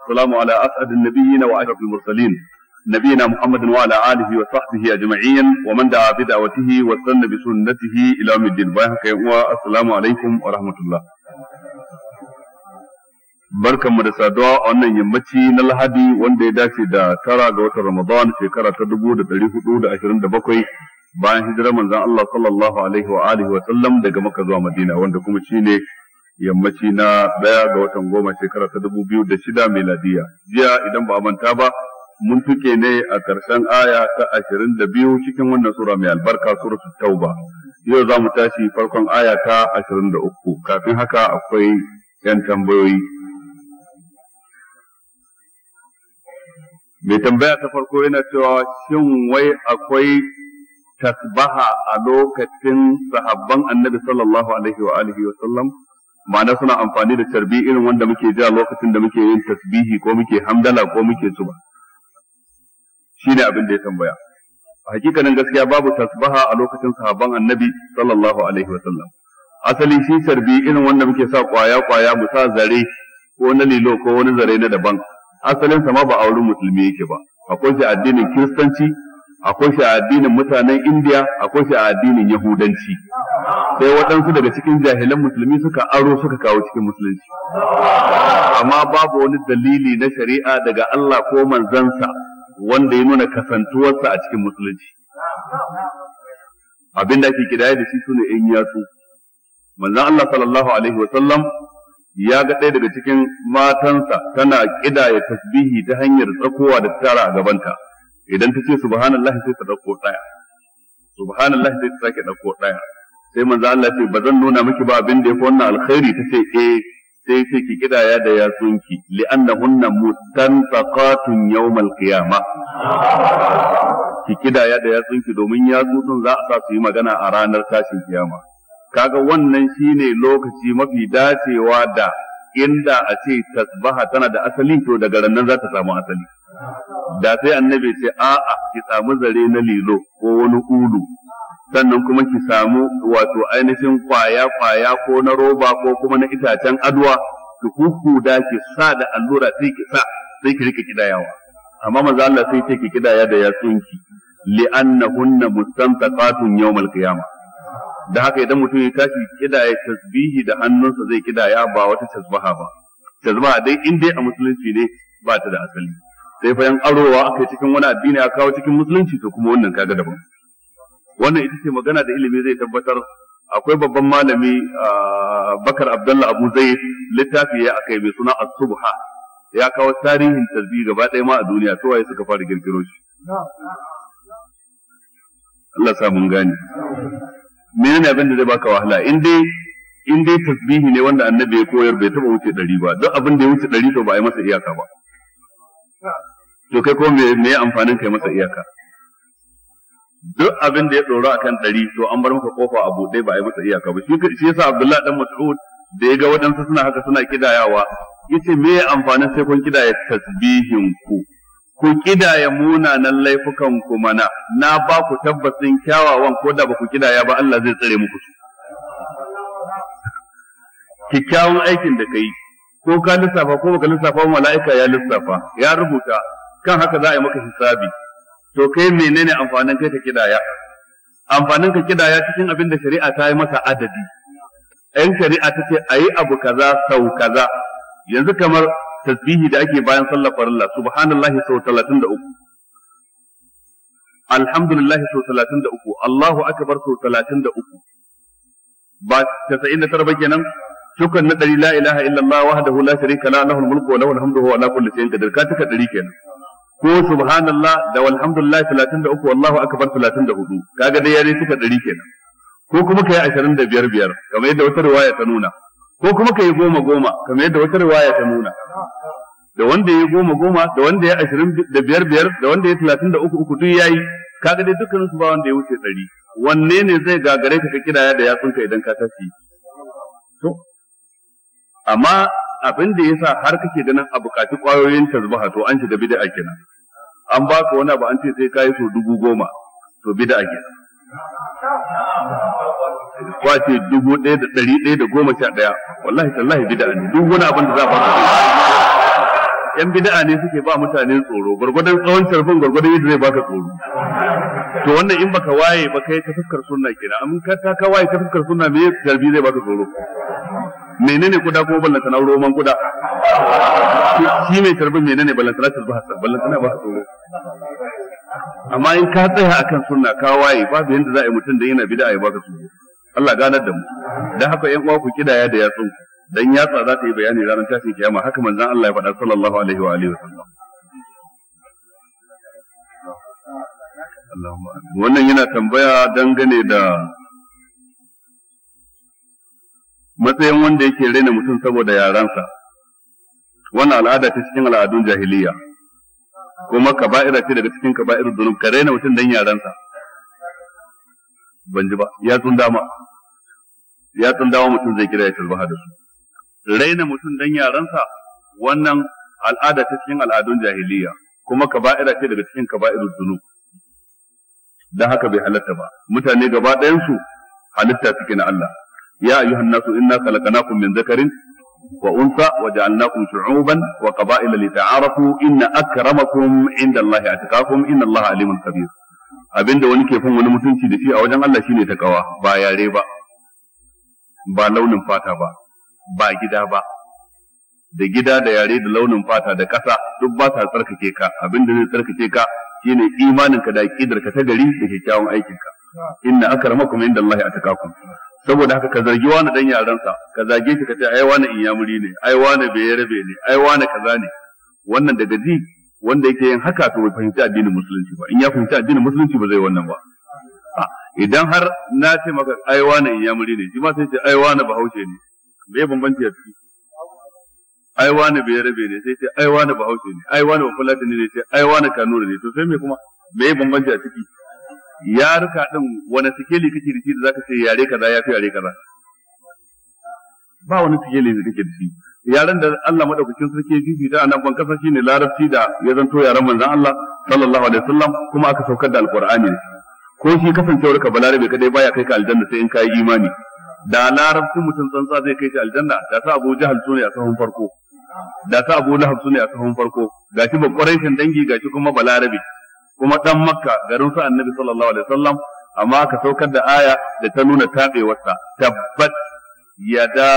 والسلام على أسعد النبيين وأشرف المرسلين نبينا محمد وعلى آله وصحبه أجمعين ومن دعا بدعوته وسن بسنته إلى يوم الدين والسلام عليكم ورحمة الله barkan mu da saduwa a wannan yammaci na lahadi wanda ya dace da tara ga watan ramadan shekara ta dubu da dari hudu da ashirin da bakwai bayan hijirar manzon Allah sallallahu alaihi wa alihi wa sallam daga maka zuwa Madina wanda kuma shine yammaci na daya ga watan goma shekara ta dubu biyu da shida miladiya jiya idan ba a manta ba mun tuke ne a ƙarshen aya ta ashirin da biyu cikin wannan sura mai albarka suratu tauba yau za mu tashi farkon aya ta ashirin da uku kafin haka akwai yan tambayoyi mai tambaya ta farko yana cewa shin wai akwai tasbaha a lokacin sahabban annabi sallallahu alaihi wa alihi wa sallam ma'ana suna amfani da tarbi irin wanda muke jira lokacin da muke yin tasbihi ko muke hamdala ko muke zuba. shi ne abin da ya tambaya a hakikanin gaskiya babu tasbaha a lokacin sahaban annabi sallallahu alaihi wasallam asali shi tarbi irin wanda muke sa kwaya kwaya mu sa zare ko na lilo ko wani zare na daban asalin sa ma ba a wurin musulmi yake ba akwai shi addinin kiristanci akwai shi addinin mutanen indiya akwai shi addinin yahudanci sai waɗansu daga cikin jahilan musulmi suka aro suka kawo cikin musulunci amma babu wani dalili na shari'a daga Allah ko manzansa wanda ya nuna kasantuwarsa a cikin musulunci Abinda da ake kidaya da shi sune in yatsu manzan Allah sallallahu alaihi wa sallam ya ga ɗaya daga cikin matansa tana kidaya tasbihi ta hanyar tsakowa da tara a gabanta idan ta ce subhanallahi sai ta ɗauko ɗaya subhanallahi sai ta sake ɗauko ɗaya sai manzo Allah ce ba zan nuna miki ba abin da yafi wannan alkhairi tace eh sai sai ki kidaya da yatsunki li'annahunna mutantaqatun yawmal qiyama ki kidaya da yatsunki domin yatsu sun za a sa su yi magana a ranar tashin kiyama kaga wannan shine lokaci mafi dacewa da inda a ce tasbaha tana da asali to daga ranan za ta samu asali da sai annabi ce a'a ki samu zare na lilo ko wani ulu sannan kuma ki samu wato ainihin kwaya kwaya ko na roba ko kuma na itacen aduwa ki da ki sa da allura sai ki sa sai ki rika kidayawa amma manzo Allah sai ce ki kidaya da yatsunki li'annahunna mustantaqatun yawmal qiyamah da haka idan mutum ya tashi kidaya tasbihi da hannunsa zai kidaya ba wata tasbaha ba tasbaha dai in dai a musulunci ne ba ta da asali sai fa yan arowa aka cikin wani addini aka kawo cikin musulunci to kuma wannan kaga daban wannan ita ce magana da ilimi zai tabbatar akwai babban malami bakar abdullah abu zai littafi ya akai mai suna a subha ya kawo tarihin tasbih gaba ɗaya ma a duniya to waye suka fara girgiro shi Allah sa mun gane menene abin da zai baka wahala in dai in dai tasbihi ne wanda annabi ya koyar bai taba wuce ɗari ba duk abin da ya wuce ɗari to ba a yi masa iyaka ba to kai ko me me amfanin kai masa iyaka duk abin da ya tsoro akan ɗari to an bar maka kofa a buɗe ba a yi masa iyaka ba shi yasa Abdullahi dan Mas'ud da ya ga waɗansu suna haka suna kidayawa yace me ya amfani sai kun kidaya tasbihin ku ku kidaya munanan laifukan ku mana na ba ku tabbacin kyawawan ko da ba ku kidaya ba Allah zai tsare muku su kyakkyawan aikin da kai ko ka lissafa ko baka lissafa mala'ika ya lissafa ya rubuta kan haka za a yi maka hisabi to kai menene amfanin kai ka kidaya amfanin ka kidaya cikin abin da shari'a ta yi masa adadi ɗan shari'a ta ce a yi abu kaza sau kaza yanzu kamar tasbihi da ake bayan sallar farilla subhanallahi sau talatin da uku alhamdulillahi sau talatin da uku allahu akbar sau talatin da uku ba tasa'in da tara ba kenan dukkan na ɗari la ilaha illallah wahdahu la sharika la lahul mulku wa lahul hamdu wa la kulli shay'in qadir ka taka ɗari kenan ko subhanallah da walhamdulillah 33 wallahu akbar 34 kaga dai yare suka 100 kenan ko kuma kai 25 biyar kamar yadda wata riwaya ta nuna ko kuma kai goma goma kamar yadda wata riwaya ta nuna da wanda ya goma goma da wanda ya 25 biyar da wanda ya 33 uku duk yayi kaga dai dukkan su ba wanda ya wuce 100 wanne ne zai gagare ka ka kidaya da yatsunka idan ka tashi to amma abin da yasa har kake ganin a bukaci kwayoyin tasbaha to an da bid'a kenan an baka wani abu an ce sai kai so dubu goma to bid'a kenan kwace dubu ɗaya da ɗari ɗaya da goma sha ɗaya wallahi tallahi bid'a ne duk wani abin da za a faɗa yan bid'a ne suke ba mutane tsoro gwargwadon tsawon sharfin gwargwadon yadda zai baka tsoro to wannan in baka waye ba kai ta fuskar sunna kenan amma ka ta ka waye ta fuskar sunna me sharbi zai baka tsoro menene kuda kuma ballanta na roman kuda shi mai karbin menene ballanta na karbi hasar ballanta na ba tsoro amma in ka tsaya akan sunna ka waye babu yadda za a yi mutum da yana bid'a ya baka tsoro Allah ganar da mu dan haka 'yan uwa ku kidaya da yatsun dan yatsa za ta yi bayani ranar tashin kiyama haka manzon Allah ya faɗa sallallahu alaihi wa alihi wasallam wannan yana tambaya dangane da matsayin wanda yake raina mutum saboda yaransa wannan al'ada ta cikin al'adun jahiliya kuma kaba'ira ce daga cikin kaba'ir dunub ka raina mutum dan yaransa ban ji ba ya tsundama ya dama mutum zai kira ya tilbaha da su raina mutum dan yaransa wannan al'ada ta cikin al'adun jahiliya kuma kaba'ira ce daga cikin kaba'ir dunub dan haka bai halatta ba mutane gaba ɗayan su halitta suke na Allah ya ayyuhan الناس inna خلقناكم من ذكر wa unsa wa وقبائل لتعارفوا wa qaba'ila عند inna akramakum inda الله عليم inna Allaha alimun kabir abinda wani ke fin mutunci da shi a wajen Allah shine takawa ba yare با ba launin fata gida da gida da yare da launin fata da kasa duk ba sa tsarkake ka abin da zai tsarkake ka shine imaninka da aqidar ta gari da kyakkyawan aikin ka inna akramakum inda Allah atakakum saboda haka ka zargi wani dan yaransa ka zage shi ka ce ai wani inyamuri ne ai wani bayarabe ne ai wani kaza ne wannan daga ji wanda yake yin haka to bai fahimci addinin musulunci ba in ya fahimci addinin musulunci ba zai wannan ba idan har na ce maka ai wani inyamuri ne shi ma sai ce ai wani bahaushe ne me bambanci a ciki ai wani bayarabe ne sai ce ai wani bahaushe ne ai wani bafulati ne sai ai wani kanuri ne to sai me kuma me bambanci a ciki yaruka din wani sikeli kake da shi da zaka ce yare kaza ya fi yare kaza ba wani sikeli da kake da shi yaren da Allah madaukakin sarki ya fifita a nan ban kasa shine larabci da ya zanto yaren manzon Allah sallallahu alaihi wasallam kuma aka saukar da alqur'ani ko shi kasancewar ka balarabe kadai baya kai ka aljanna sai in kai imani da larabcin mutum tsantsa zai kai shi aljanna da sa Abu Jahal sune a sahun farko da sa Abu Lahab sune a sahun farko gashi ba dangi gashi kuma balarabe kuma dan makka garin su annabi sallallahu alaihi wasallam amma ka saukar da aya da ta nuna tabewarsa tabbat yada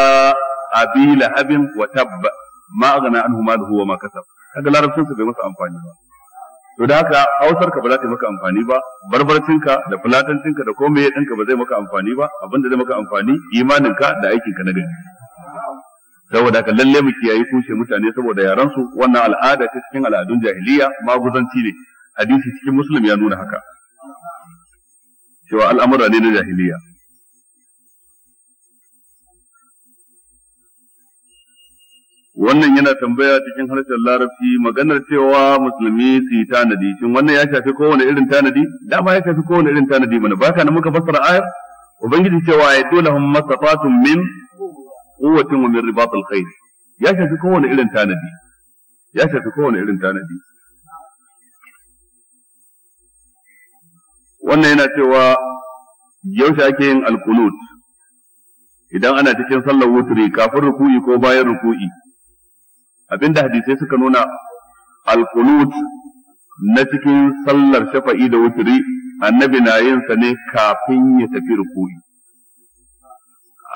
abi lahabin wa tabba ma aghna anhu maluhu wa ma kasab kaga larabcin bai masa amfani ba to da haka hausar ka ba za ta maka amfani ba barbarcin ka da fulatancin ka da komai din ka ba zai maka amfani ba abin da zai maka amfani imanin ka da aikin ka na gari saboda haka lalle mu kiyaye kushe mutane saboda yaran su wannan al'ada ta cikin al'adun jahiliya maguzanci ne hadisi cikin muslim ya nuna haka cewa al'amura ne na jahiliya wannan yana tambaya cikin harshen larabci maganar cewa musulmi su yi tanadi shin wannan ya shafi kowane irin tanadi dama ya shafi kowane irin tanadi mana baka na muka fassara ayar ubangiji cewa ya dole hum masafatun min quwwatin wa min ribatil khayr ya shafi kowane irin tanadi ya shafi kowane irin tanadi wannan yana cewa yaushe ake yin alkulut idan ana cikin sallar wuturi kafin ruku'i ko bayan ruku'i abinda hadisai suka nuna alkulut na cikin sallar shafa'i da wuturi annabi na yin sa ne kafin ya tafi ruku'i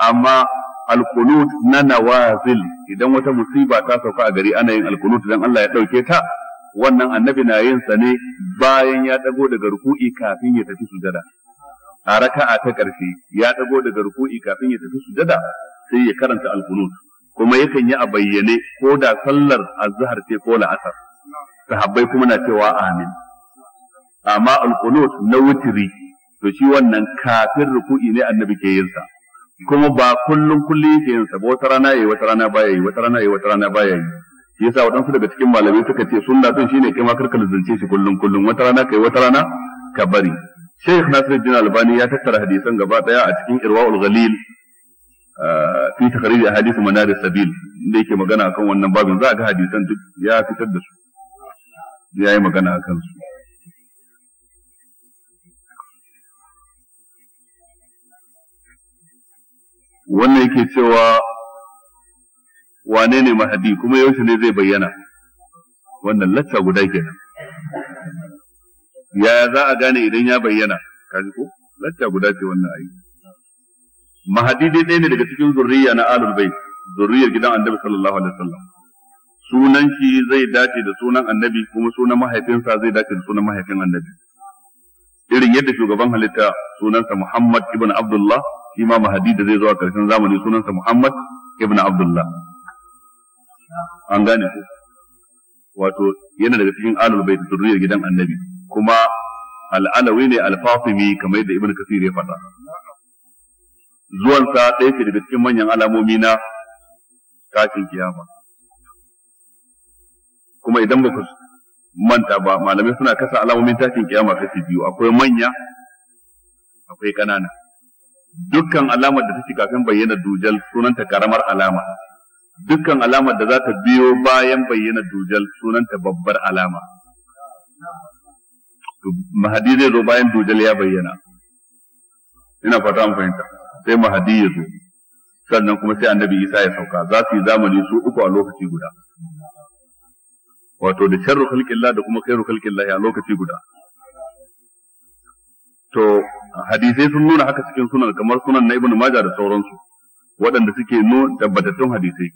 amma alkulut na nawazil idan wata musiba ta sauka a gari ana yin alkulut dan Allah ya ɗauke ta wannan annabi na yin sa ne bayan ya dago daga ruku'i kafin ya tafi sujada a raka'a ta ƙarshe ya dago daga ruku'i kafin ya tafi sujada sai ya karanta alqunut kuma yakan yi a bayyane ko da sallar azhar ce ko la'asar sahabbai kuma na cewa amin amma alqunut na wutiri to shi wannan kafin ruku'i ne annabi ke yin sa kuma ba kullum kullum yake yin sa ba wata rana yayi wata rana baya yi wata rana yayi wata rana baya yi yasa waɗansu daga cikin malamai suka ce sun din shine kai ma karkar zance shi kullum kullum wata rana kai wata rana ka bari Sheikh Nasiruddin Albani ya tattara hadisan gaba daya a cikin Irwaul Ghalil ah, fi takhrij ahadith manar sabil inda yake magana akan wannan babin za a ga hadisan duk ya fitar da su ya yi magana akan su wannan yake cewa wane ne mahadi kuma yaushe ne zai bayyana wannan lacca guda kenan ya za a gane idan ya bayyana kaji ko lacca guda ce wannan ayi mahadi dai ɗaya ne daga cikin zurriya na alul bait zurriyar gidan annabi sallallahu alaihi wasallam sunan shi zai dace da sunan annabi kuma sunan mahaifinsa zai dace da sunan mahaifin annabi irin yadda shugaban halitta sunansa Muhammad ibn Abdullah shi ma mahadi da zai zo a ƙarshen zamani sunansa Muhammad ibn Abdullah an gane ku wato yana daga cikin alul bait zurriyar gidan annabi kuma al'alawi ne al-fatimi kamar yadda ibnu kasir ya faɗa zuwansa ɗaya ce daga cikin manyan alamomi na kafin kiyama kuma idan ba ku manta ba malamai suna kasa alamomin tashin kiyama kashi biyu akwai manya akwai ƙanana dukkan alamar da take kafin bayyana dujal sunanta karamar alama dukkan alamar da za ta biyo bayan bayyana dujal sunanta babbar alama mahadi zai zo bayan dujal ya bayyana ina fata an fahimta sai mahadi ya zo sannan kuma sai annabi isa ya sauka za su yi zamani su uku a lokaci guda wato da sharru khalqillah da kuma khairu khalqillah a lokaci guda to hadisai sun nuna haka cikin sunan kamar sunan na ibnu majah da sauransu waɗanda suke nun tabbatattun hadisai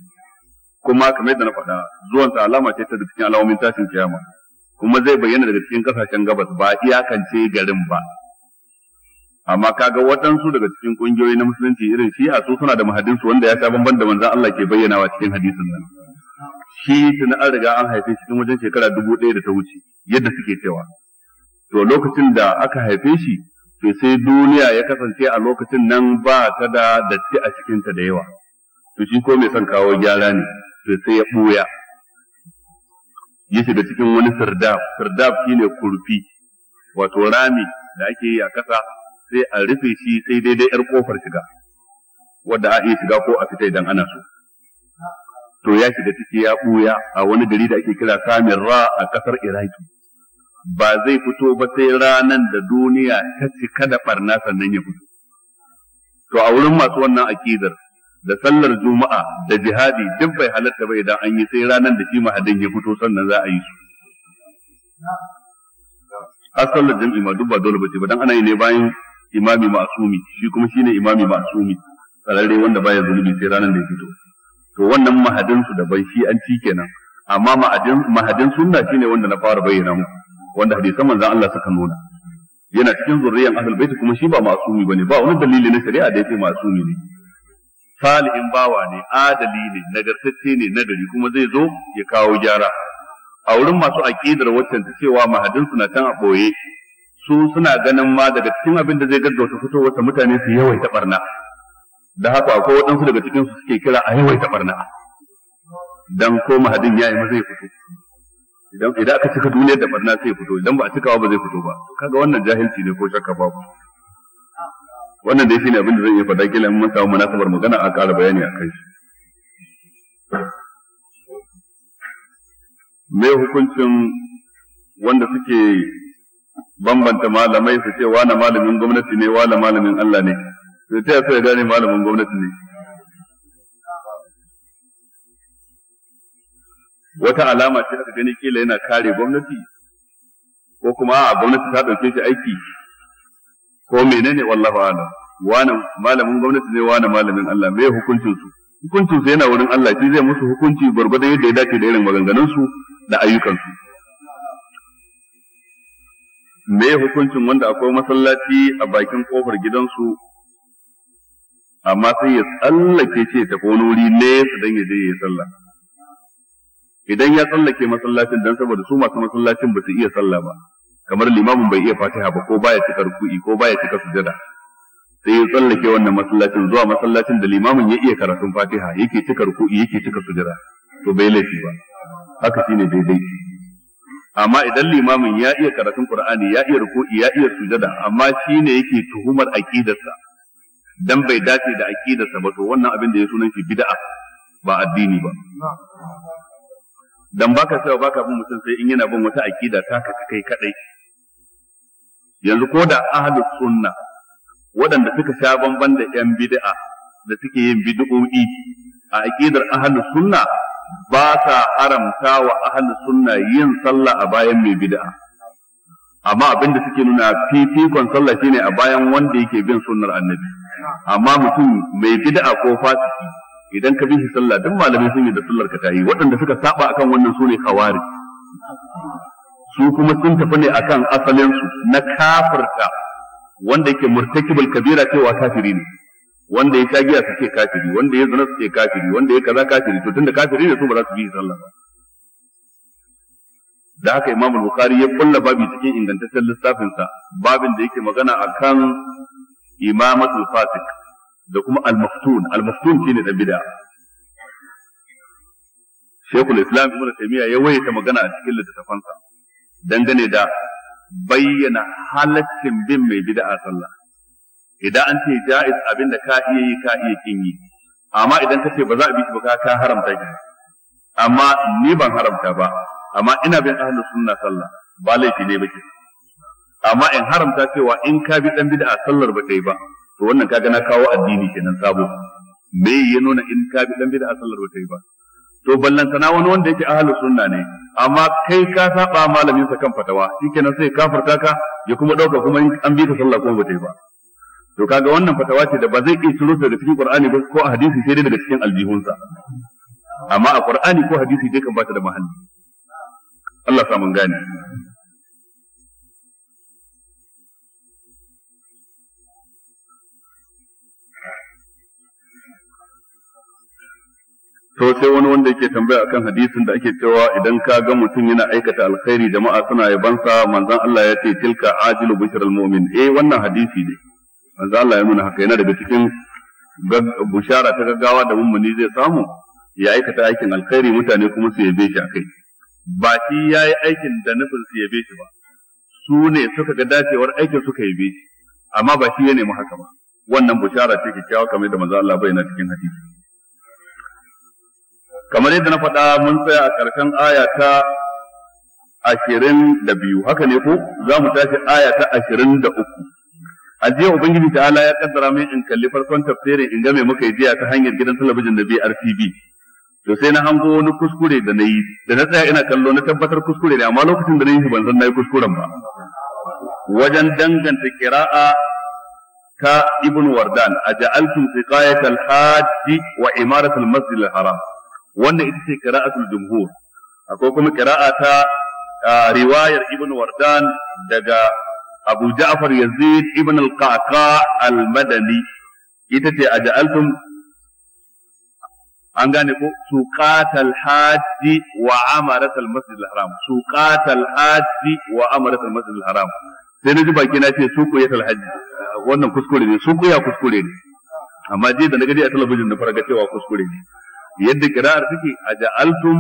kuma kamar yadda na faɗa zuwan sa alama ce ta cikin alamomin tashin kiyama kuma zai bayyana daga cikin kasashen gabas ba iyakance garin ba amma kaga waɗansu daga cikin ƙungiyoyi na musulunci irin shi'a su suna da mahadinsu wanda ya sha bamban da manzon Allah ke bayyanawa cikin hadisin nan shi tun an riga an haife shi cikin wajen shekara dubu ɗaya da ta wuce yadda suke cewa to lokacin da aka haife shi to sai duniya ya kasance a lokacin nan ba ta da datti a cikinta da yawa to shi ko mai son kawo gyara ne to sai ya ɓuya ya shiga cikin wani sirdaf Firdaf shine kurfi wato rami da ake yi a ƙasa sai a rufe shi sai daidai yar kofar shiga wadda a iya shiga ko a fita idan ana so to ya shiga ciki ya ɓuya a wani gari da ake kira Samirra a ƙasar Iraki ba zai fito ba sai ranan da duniya ta cika da barna sannan ya fito to a wurin masu wannan akidar da sallar juma'a da jihadi duk bai halatta ba idan an yi sai ranan da shi mahadin ya fito sannan za a yi su har sallar jam'i ma duk ba dole ba ce ba dan ana yi ne bayan imami ma'asumi shi kuma shi ne imami ma'asumi tsararre wanda baya zunubi sai ranar da ya fito to wannan mahadin su daban shi an ci kenan amma mahadin sunna shi ne wanda na fara bayyana muku wanda hadisan manzon Allah suka nuna yana cikin zurriyan ahlul bait kuma shi ba masumi bane ba wani dalili na shari'a da yake masumi ne salihin bawa ne adali ne nagartacce ne nagari kuma zai zo ya kawo gyara a wurin masu aqidar waccan ta cewa mahadin suna can a boye su suna ganin ma daga cikin abin da zai gaggauta fitowar ta mutane su yawaita barna da haka akwai waɗansu daga cikin su suke kira a yawaita barna dan ko mahadin yi ma zai fito idan idan aka cika duniyar da barna sai fito idan ba a cikawa ba zai fito ba kaga wannan jahilci ne ko shakka babu wannan dai shine abin da zan iya faɗa kila mun samu munasabar magana a ƙara bayani a kai me hukuncin wanda suke bambanta malamai su ce wani malamin gwamnati ne wani malamin Allah ne to ta so ya gane malamin gwamnati ne wata alama ce aka gani kila yana kare gwamnati ko kuma a gwamnati ta ɗauke shi aiki ko menene wallahu alam wani malamin gwamnati ne wani malamin Allah me hukuncin su hukuncin su yana wurin Allah shi zai musu hukunci gwargwadon yadda ya dace da irin maganganun su da ayyukan su me hukuncin wanda akwai masallaci a bakin kofar gidansu amma sai ya tsallake ce ta wani wuri su dan ya je ya yi sallah idan ya tsallake masallacin dan saboda su masu masallacin ba su iya sallah ba kamar limamin bai iya fatiha ba ko baya cika ruku'i ko baya cika sujada sai ya tsallake wannan masallacin zuwa masallacin da limamin ya iya karatun fatiha yake cika ruku'i yake cika sujada to bai laifi ba haka shine daidai amma idan limamin ya iya karatun qur'ani ya iya ruku'i ya iya sujada amma shine yake tuhumar aqidarsa dan bai dace da aqidarsa ba to wannan abin da ya sunan shi bid'a ba addini ba dan baka cewa baka bin mutum sai in yana bin wata aqida ta ka kai kadai yanzu ko da ahlus sunna waɗanda suka sha bamban da yan bid'a da suke yin bid'o'i a aqidar ahlus sunna ba sa haramta wa ahlus sunna yin sallah a bayan mai bid'a amma abinda suke nuna fifikon sallah shine a bayan wanda yake bin sunnar annabi amma mutum mai bid'a ko fasiki idan ka bi shi sallah duk malamai sun yi da sallar ka tayi waɗanda suka saba akan wannan sune khawari su kuma sun tafi ne akan asalin su na kafirta wanda yake murtakibul kabira cewa kafiri ne wanda ya tagiya su ce kafiri wanda ya zina su kafiri wanda ya kaza kafiri to tunda kafiri ne su ba za su bi sallah ba da haka Imamul Bukhari ya kulla babi cikin ingantaccen lissafinsa babin da yake magana akan imamatul fasik da kuma al-maftun al-maftun shine dan bid'a Sheikhul Islam Ibn Taymiyyah ya wayyata magana a cikin littattafansa dangane da bayyana halaccin bin mai bid'a sallah idan an ce ja'iz abinda ka iya yi ka iya kin yi amma idan ka ce ba za a bi ki ba ka haramta ki amma ni ban haramta ba amma ina bin ahlus sunna sallah ba laifi ne ba amma in haramta cewa in ka bi dan bid'a sallar ba kai ba to wannan kaga na kawo addini kenan sabo me ya nuna in ka bi dan bid'a sallar ba wata ba to sana wani wanda yake ahlus sunna ne amma kai ka saba malamin sa kan fatawa shikenan sai kafirta ka ya kuma dauka kuma an bi ka sallah ko ba ba to kaga wannan fatawa ce da ba zai iya ciro da cikin Qur'ani ba ko a hadisi sai dai daga cikin aljihunsa amma a Qur'ani ko hadisi dai kan bata da mahalli Allah sa mun gane to sai wani wanda yake tambaya akan hadisin da ake cewa idan ka ga mutum yana aikata alkhairi jama'a suna yabansa manzon Allah ya ce tilka ajilu bushral mu'min eh wannan hadisi ne manzon Allah ya nuna haka yana daga cikin bushara ta gaggawa da mummuni zai samu ya aikata aikin alkhairi mutane kuma su yabe shi akai ba shi yayi aikin da nufin su yabe shi ba su ne suka ga dacewar aikin suka yabe shi amma ba shi ya nemi haka ba wannan bushara ce kyakkyawa kamar da manzon Allah bai na cikin hadisi kamar yadda na faɗa mun tsaya a ƙarshen aya ta ashirin da biyu haka ne ko za mu tashi aya ta ashirin da uku a jiya ubangiji ta ala ya kaddara min in kalli farkon tafsirin in game muka yi jiya ta hanyar gidan talabijin da brtv to sai na hango wani kuskure da na yi da na tsaya ina kallo na tabbatar kuskure ne amma lokacin da na yi shi ban san na yi kuskuren ba wajen danganta kira'a ta ibn wardan a ja'altum siqayat al-hajj wa imaratul al-masjid al-haram wannan ita ce qira'atul jumhur akwai kuma qira'a ta riwayar ibn wardan daga abu ja'far yazid ibn al-qaqa al-madani ita ce aja'altum an gane ko suqatal hajji wa amaratal masjid al-haram suqatal hajji wa amaratal masjid al-haram sai na ji baki na ce suku ya hajji wannan kuskure ne suku ya kuskure ne amma je da na gaji a talabijin na farga cewa kuskure ne yadda kira'ar take a ja'altum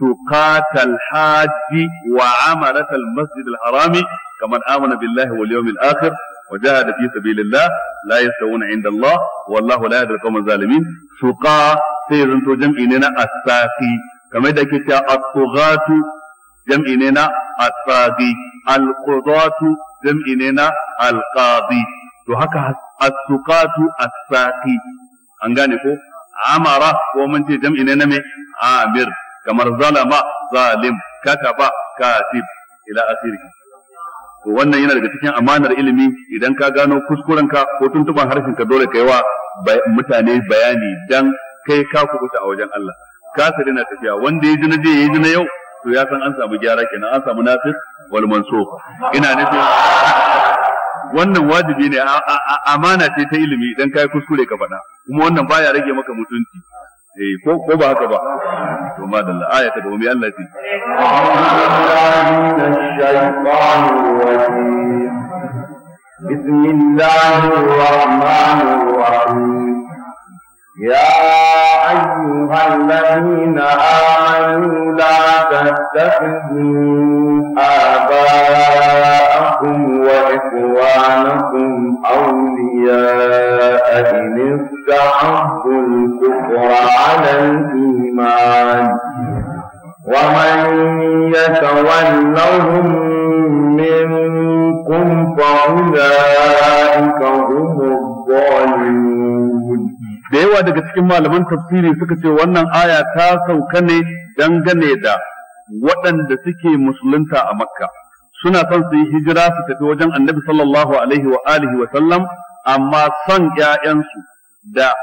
tuqatal hajji wa amaratal masjid al harami kamar amana billahi wal yawmil akhir wa jahada fi sabilillah la yastawuna inda Allah wallahu la yahdi al zalimin tuqa sai zanto jam'i ne na asaqi kamar da ake cewa at-tughatu jam'i ne to haka as-tuqatu as an gane ko amara ko mun ce jam'i ne na me amir kamar zalama zalim kataba katib ila asiri to wannan yana daga cikin amanar ilimi idan ka gano kuskuren ka ko tuntuban harshen ka dole kai wa mutane bayani dan kai ka kubuta a wajen Allah ka sare na tafiya wanda ya ji na je ya ji na yau to ya san an samu gyara kenan an samu nasir wal mansukh ina nufin wannan wajibi ne amana ce ta ilimi idan kai kuskure ka faɗa kuma wannan baya rage maka mutunci eh ko ko ba haka ba to ma da aya ta gaba mai Allah ce بسم الله الرحمن الرحيم يا أيها الذين آمنوا لا تتخذوا آباءكم وإخوانكم أولياء إن استحبوا الكفر على الإيمان ومن يتولهم منكم فأولئك هم الظالمون da yawa daga cikin malaman tafsiri suka ce wannan aya ta sauka ne dangane da waɗanda suke musulunta a makka suna son su yi hijira su tafi wajen annabi sallallahu alaihi wa alihi wa sallam amma son ƴaƴansu da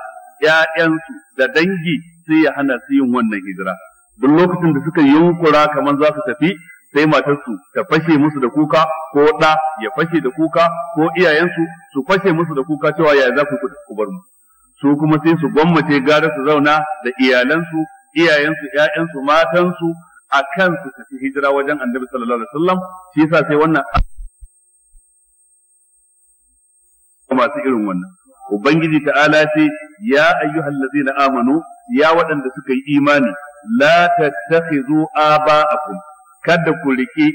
ƴaƴansu da dangi sai ya hana su yin wannan hijira duk lokacin da suka yunkura kamar za su tafi sai matarsu ta fashe musu da kuka ko ɗa ya fashe da kuka ko iyayensu su fashe musu da kuka cewa yaya za ku ku bar mu su kuma sai su gwammace gara su zauna da iyalansu iyayensu ƴaƴansu matansu a kan su tafi hijira wajen annabi sallallahu alaihi wasallam shi yasa sai wannan masu irin wannan ubangiji ta'ala ce ya ayyuhal ladzina amanu ya waɗanda suka yi imani la tattakhizu aba'akum kada ku riƙe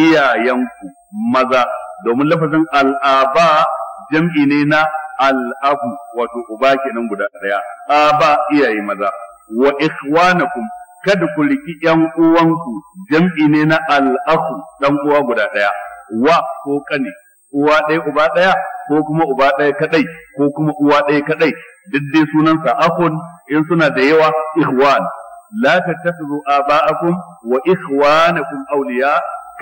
iyayenku maza domin lafazin al'aba jam'i ne na Al'ahu wato uba kenan guda daya aba iyaye maza wa ikhwanakum kada ku riki yan uwanku jam'i ne na al'ahu dan uwa guda ɗaya. wa ko kane uwa ɗaya uba ɗaya ko kuma uba ɗaya kadai ko kuma uwa ɗaya kadai duk dai sunansa akun in suna da yawa ikhwan la tattakhidhu aba'akum wa ikhwanakum awliya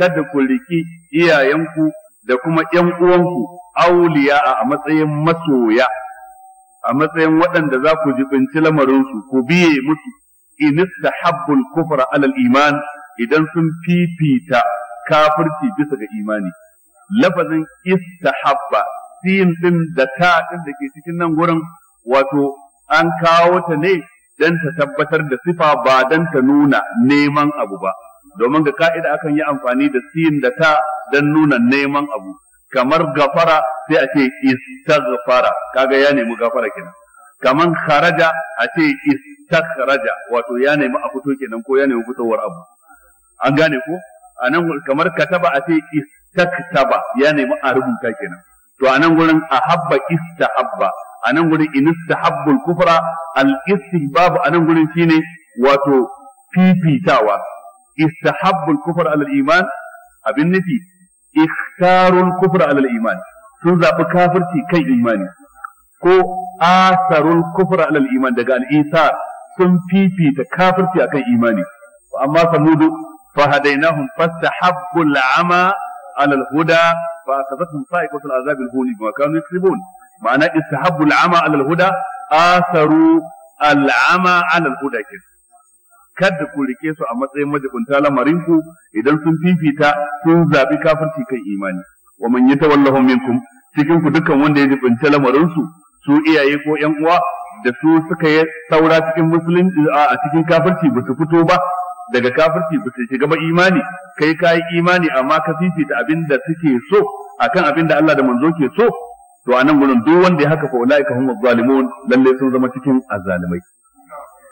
kada ku riki iyayenku da kuma ƴan uwanku auliya a matsayin masoya a matsayin waɗanda za ku jibinci lamarinsu ku biye musu in istahabbul kufra alal iman idan sun fifita kafirci bisa ga imani lafazin istahabba sin din da ta din da ke cikin nan gurin wato an kawo ta ne dan ta tabbatar da sifa ba dan ta nuna neman abu ba domin ga ka'ida akan yi amfani da sin da ta dan nuna neman abu kamar gafara sai a ce istaghfara kaga ya nemi gafara kenan kamar kharaja a ce istakhraja wato ya nemi a fito kenan ko ya nemi fitowar abu an gane ko anan kamar kataba a ce istaktaba ya nemi a rubuta kenan to anan gurin ahabba istahabba anan gurin inistahabbul kufra al istihbab anan gurin shine wato fifitawa istahabbul kufra al iman abin nufi ikhtarul kufra alal iman sun zaɓi kafirci kan imani ko asarul kufra alal iman daga al'isar sun fifita kafirci akan imani amma samudu fa hadainahum fastahabbul ama alal huda fa akazathum sa'iqatul azabil huni bima kanu yaksibun ma'ana istahabbul ama alal huda asaru al ama alal huda kenan kada ku rike su a matsayin majibunta lamarin ku idan sun fifita sun zabi kafirci kan imani wa man yatawallahu minkum cikin ku dukkan wanda ya jibunta lamarin su su iyaye ko ƴan uwa da su suka yi saura cikin musulunci a cikin kafirci ba su fito ba daga kafirci ba su shiga ba imani kai ka yi imani amma ka fifita abin da suke so akan abin da Allah da manzo ke so to a nan gurin duk wanda ya haka fa ulaika hum zalimun lalle sun zama cikin azzalimai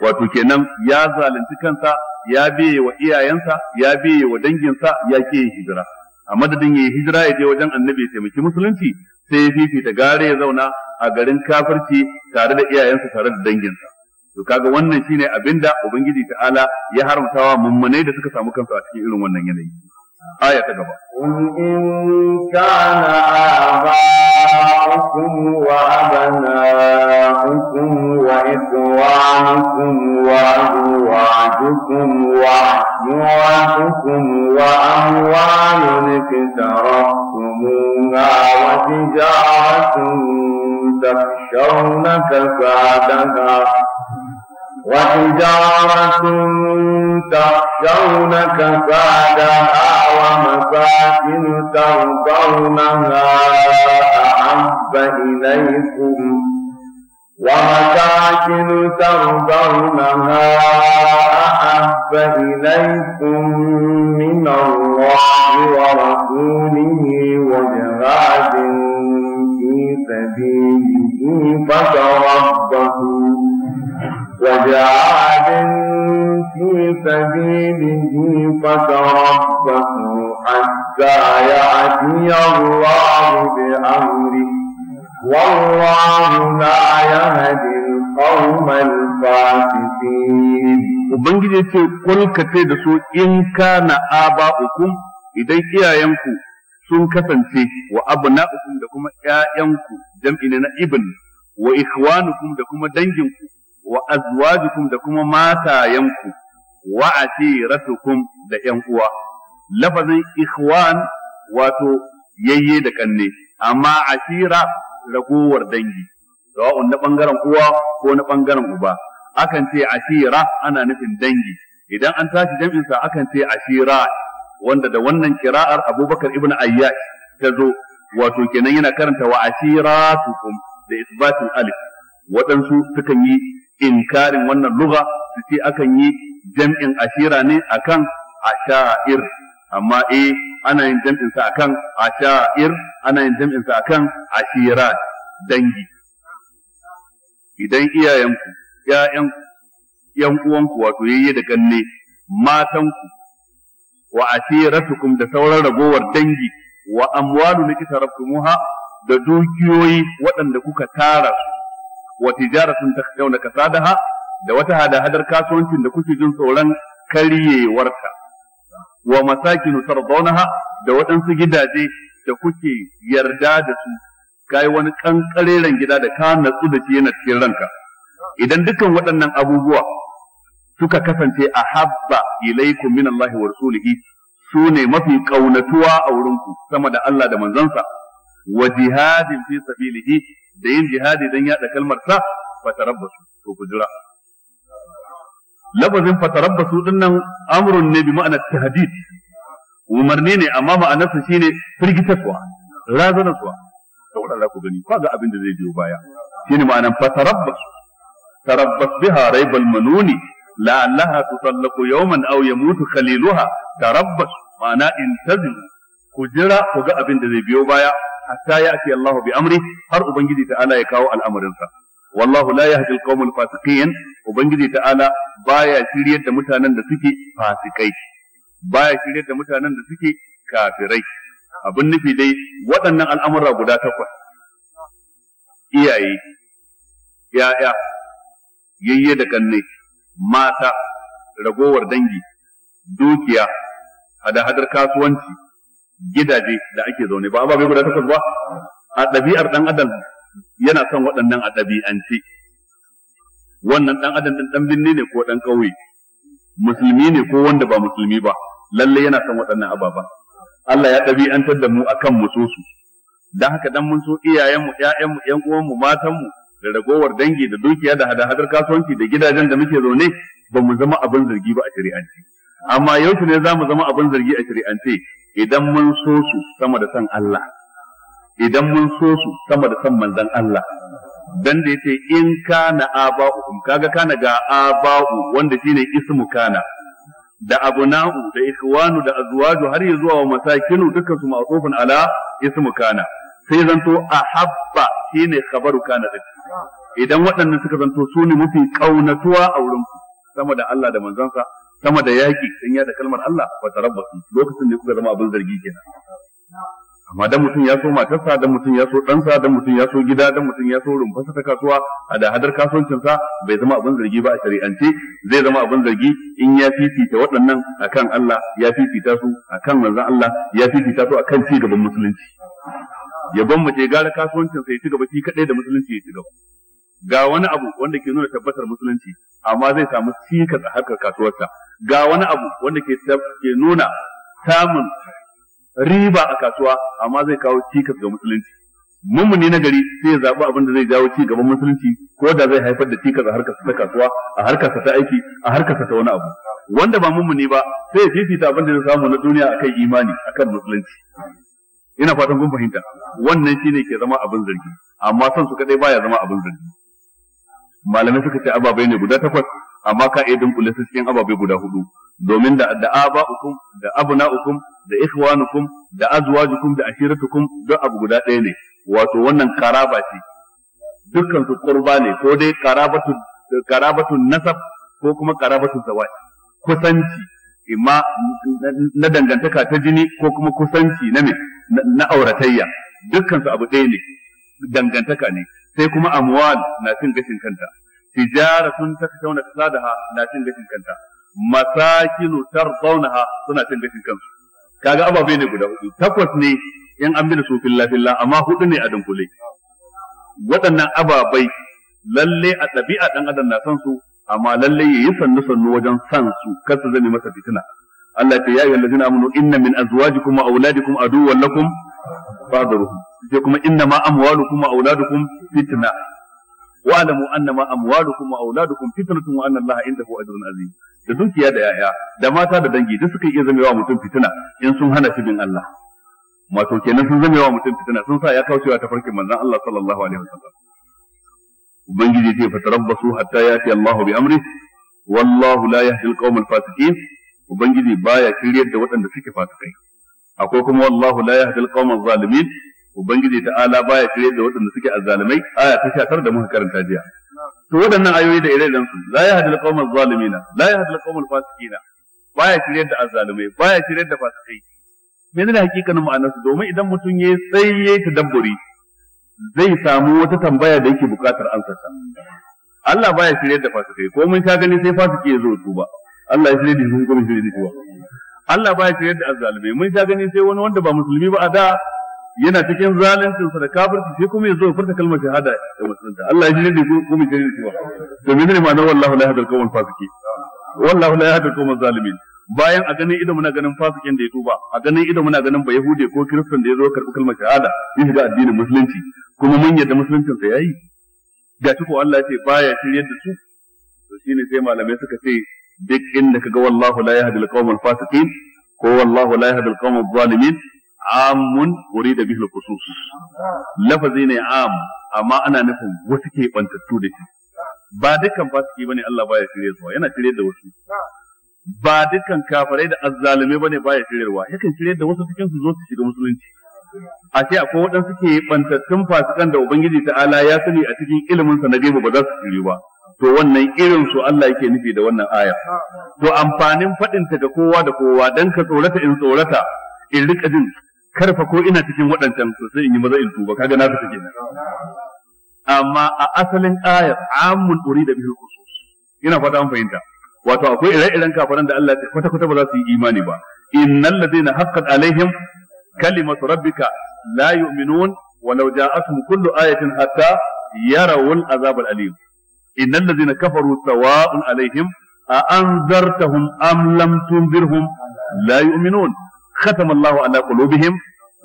wato kenan ya zalunci kansa ya biye wa iyayensa ya biye wa danginsa ya ke hijira a madadin yi hijira ya je wajen annabi ya taimaki musulunci sai ya fifita gare ya zauna a garin kafirci tare da iyayensa tare da danginsa to kaga wannan shine abinda ubangiji ta'ala ya haramtawa mummunai da suka samu kansu a cikin irin wannan yanayi آية كذا قل إن كان آباؤكم وأبناؤكم وإخوانكم وأزواجكم وأموالكم وأموال اقترفتموها وتجارة تخشون كفادها وتجارة تخشون كسادها ومساكن ترضونها أحب إليكم ومساكن ترضونها أحب إليكم من الله ورسوله وجهاد في سبيله فتربصوا وجهاد سبيله فتربصوا حتى يأتي الله بأمره والله لا يهدي القوم الفاسقين Ubangiji ce, Kulkace da su in ka na Aba aba'ukum idan iyayenku sun kasance wa abna'ukum da kuma 'ya'yanku jam'i na ibn wa ikhwanukum da kuma danginku wa azwajukum da kuma matayenku wa atiratukum da ƴan uwa lafazin ikhwan wato yayye da kanne amma asira ragowar dangi sawa'un na bangaren uwa ko na bangaren uba akan ce asira ana nufin dangi idan an tashi jam'insa, sa akan ce asira wanda da wannan kira'ar Abubakar ibn Ayyash ta zo wato kenan yana karanta wa asiratukum da isbatul alif waɗansu sukan yi inkarin wannan lugha su ce akan yi jam'in ashira ne akan asha'ir amma eh ana yin jam'in sa akan asha'ir ana yin jam'in sa akan ashira. dangi idan iyayenku yayan yan uwanku wato yayye da Matan ku, wa asiratukum da sauran ragowar dangi wa amwalu likita rabbumuha da dukiyoyi waɗanda kuka tara su wa tijaratun takshawna kasadaha da wata hada-hadar kasuwancin da kuke jin tsoron karyewarta wa masakinu tardawnaha da waɗansu gidaje da kuke yarda da su kai wani kankareren gida da ka natsu da shi yana cikin ranka idan dukan waɗannan abubuwa suka kasance a habba ilaikum min Allah wa rasulihi su ne mafi kaunatuwa a wurinku sama da Allah da manzansa wa jihadin fi sabilihi da yin jihadi dan yaɗa kalmar sa fa tarabbasu to ku jira lafazin fatarabbasu dinnan amrun ne bi ma'ana tahdid umarni ne amma ma'anarsa shine firgitarwa razanarwa saboda za ku gani ba ga abin da zai biyo baya shine ma'anar fatarabbasu tarabbas biha raibal manuni la'allaha tusallaqu yawman aw yamutu khaliluha tarabbas ma'ana intazir ku jira ku ga abin da zai biyo baya hatta ya'ti Allahu bi amri har ubangiji ta'ala ya kawo al'amarinsa wallahu la yahdi al-qawmal fasiqin ubangiji ta'ala baya shiryar da mutanen da suke fasikai baya shiryar da mutanen da suke kafirai abin nufi dai waɗannan al'amura guda takwas iyaye ‘ya'ya, yayye da kanne, mata, ragowar dangi, dukiya, hada-hadar kasuwanci, gidaje da ake zaune ba, ababe guda takwas ba, a ɗabi'ar ɗan adam yana son waɗannan a ɗabi'ance, wannan dan adam din dan binne ne ko dan kauye musulmi ne ko wanda ba musulmi ba lalle yana son waɗannan ababa. Allah ya ɗabi'antar da mu akan mu so su dan haka dan mun so iyayenmu ƴaƴanmu ƴan uwanmu matanmu da ragowar dangi da dukiya da hada-hadar kasuwanci da gidajen da muke zaune ba mu zama abin zargi ba a shari'ance amma yau ne za mu zama abin zargi a shari'ance idan mun so su sama da san Allah idan mun so su sama da san manzon Allah dan da yace in kana aba'ukum kaga kana ga aba'u wanda shine ismu kana da abuna'u da ikwanu da azwaju har yi zuwa masakinu dukkan su ma'tufun ala ismu kana sai zanto ahabba shine khabaru kana da idan waɗannan suka zanto su ne mafi kaunatuwa a wurin sama da Allah da manzansa sama da yaki sun da kalmar Allah wa tarabbasu lokacin da kuka zama abin zargi kenan amma dan mutum ya so matarsa dan mutum ya so ɗansa dan mutum ya so gida dan mutum ya so rumfarsa ta kasuwa a da hadar kasuwancinsa bai zama abin zargi ba a shari'ance zai zama abin zargi in ya fifita waɗannan akan Allah ya fifita su akan manzon Allah ya fifita su akan ci gaban musulunci ya mace gara kasuwancinsa ya ci gaba shi kadai da musulunci ya ci gaba ga wani abu wanda ke nuna tabbatar musulunci amma zai samu cikas a harkar kasuwarsa ga wani abu wanda ke nuna samun riba a kasuwa amma zai kawo cikas ga musulunci mummuni na gari sai ya zaɓi abin da zai jawo ci gaban musulunci ko da zai haifar da cikas a harkarsa ta kasuwa a harkarsa ta aiki a harkarsa ta wani abu wanda ba mummuni ba sai ya fifita abin da zai samu na duniya akan imani akan musulunci ina fatan kun fahimta wannan shine ke zama abin zargi amma son su kadai baya zama abin zargi malamai suka ce ababai ne guda takwas amma ka idin dunkule cikin ababe guda hudu domin da da ukum da ukum da ikhwanukum da azwajukum da ashiratukum duk abu guda ɗaya ne wato wannan karaba ce dukkan su qurba ne ko dai karabatu karabatu nasab ko kuma karabatu zawaj kusanci imma na dangantaka ta jini ko kuma kusanci na me na auratayya dukkan su abu ɗaya ne dangantaka ne sai kuma amwal na cin gashin kanta tijaratun takshawna kasadaha na cin gashin kanta masakinu ha suna cin gashin kansu kaga ababai ne guda hudu takwas ne in an bi da su fillah fillah amma hudu ne a dunkule waɗannan ababai lalle a ɗabi'a ɗan adam na san su amma lalle yayi sannu sannu wajen san su kar su zame masa fitina Allah ya ya ayyuhal ladzina amanu inna min a kuma azwajikum wa auladikum aduwwan lakum fadaruhum sai kuma inna ma amwalukum wa auladukum fitina. wa'lamu annama amwalukum wa auladukum fitnatun wa anna Allah indahu ajrun azim da dukiya da yaya da mata da dangi duk suka iya zamewa mutum fitina in sun hana shi bin Allah wato kenan sun zamewa mutum fitina sun sa ya kaucewa ta farkin manzon Allah sallallahu alaihi wasallam ubangiji zai fatarabbasu hatta yati Allah bi amri wallahu la yahdi al ubangiji baya kiryar da waɗanda suke fasikai akwai kuma wallahu la yahdi al ubangiji ta'ala baya kire da waɗanda suke azzalumai aya ta shatar da muka karanta jiya to waɗannan ayoyi da irin su la yahdi al-qawm az la yahdi al-qawm al-fasiqina baya kire da azzalumai baya kire da fasikai menene hakikanin ma'anar su domin idan mutum yayi tsaye yayi tadabburi zai samu wata tambaya da yake buƙatar amsar ta Allah baya kire da fasikai ko mun sha gani sai fasiki ya zo tuba Allah ya shirye da shi kuma shi da tuba Allah baya kire da azzalumai mun sha gani sai wani wanda ba musulmi ba a da yana cikin zalincin sa da kafirci sai kuma ya zo furta kalmar shahada da musulunta Allah ya ji da ko bai ji da ba to menene ma'anar wallahu la yahdul qawmal fasiqin wallahu la yahdul qawmal zalimin bayan a ganin ido muna ganin fasikin da ya tuba a ganin ido muna ganin ba yahude ko kristan da ya zo karɓi kalmar shahada ya shiga addinin musulunci kuma mun yadda musuluncin sa yayi ga ko Allah ya ce baya shiryar da su to shine sai malamai suka ce duk inda kaga wallahu la yahdul qawmal fasiqin ko wallahu la yahdul qawmal zalimin amun wuri da bihul khusus lafazi ne am amma ana nufin wasu ke bantattu da shi ba dukkan fasiki bane Allah baya shirye su yana shirye da wasu ba dukkan kafirai da azzalume bane baya shiryarwa yakan shirye da wasu cikin su zo su shiga musulunci a ce akwai waɗansu ke bantattun fasikan da ubangiji ta'ala ya sani a cikin ilimin sa na gaibu ba za su shiryu ba to wannan irin su Allah yake nufi da wannan aya to amfanin faɗin ta ga kowa da kowa dan ka tsorata in tsorata in rika jin karfa ko ina cikin waɗancan to sai in yi maza in tuba kaga na fita kenan amma a asalin ayar amun uri da bihul khusus ina fata an fahimta wato akwai ire-iren kafaran da Allah kwata kwata ba za su yi imani ba innal ladina haqqat alaihim kalimatu rabbika la yu'minun walau ja'atuhum kullu ayatin hatta yarawul azab al-alim innal ladina kafaru sawa'un alaihim a anzartahum am lam tunzirhum la yu'minun khatama Allahu ala qulubihim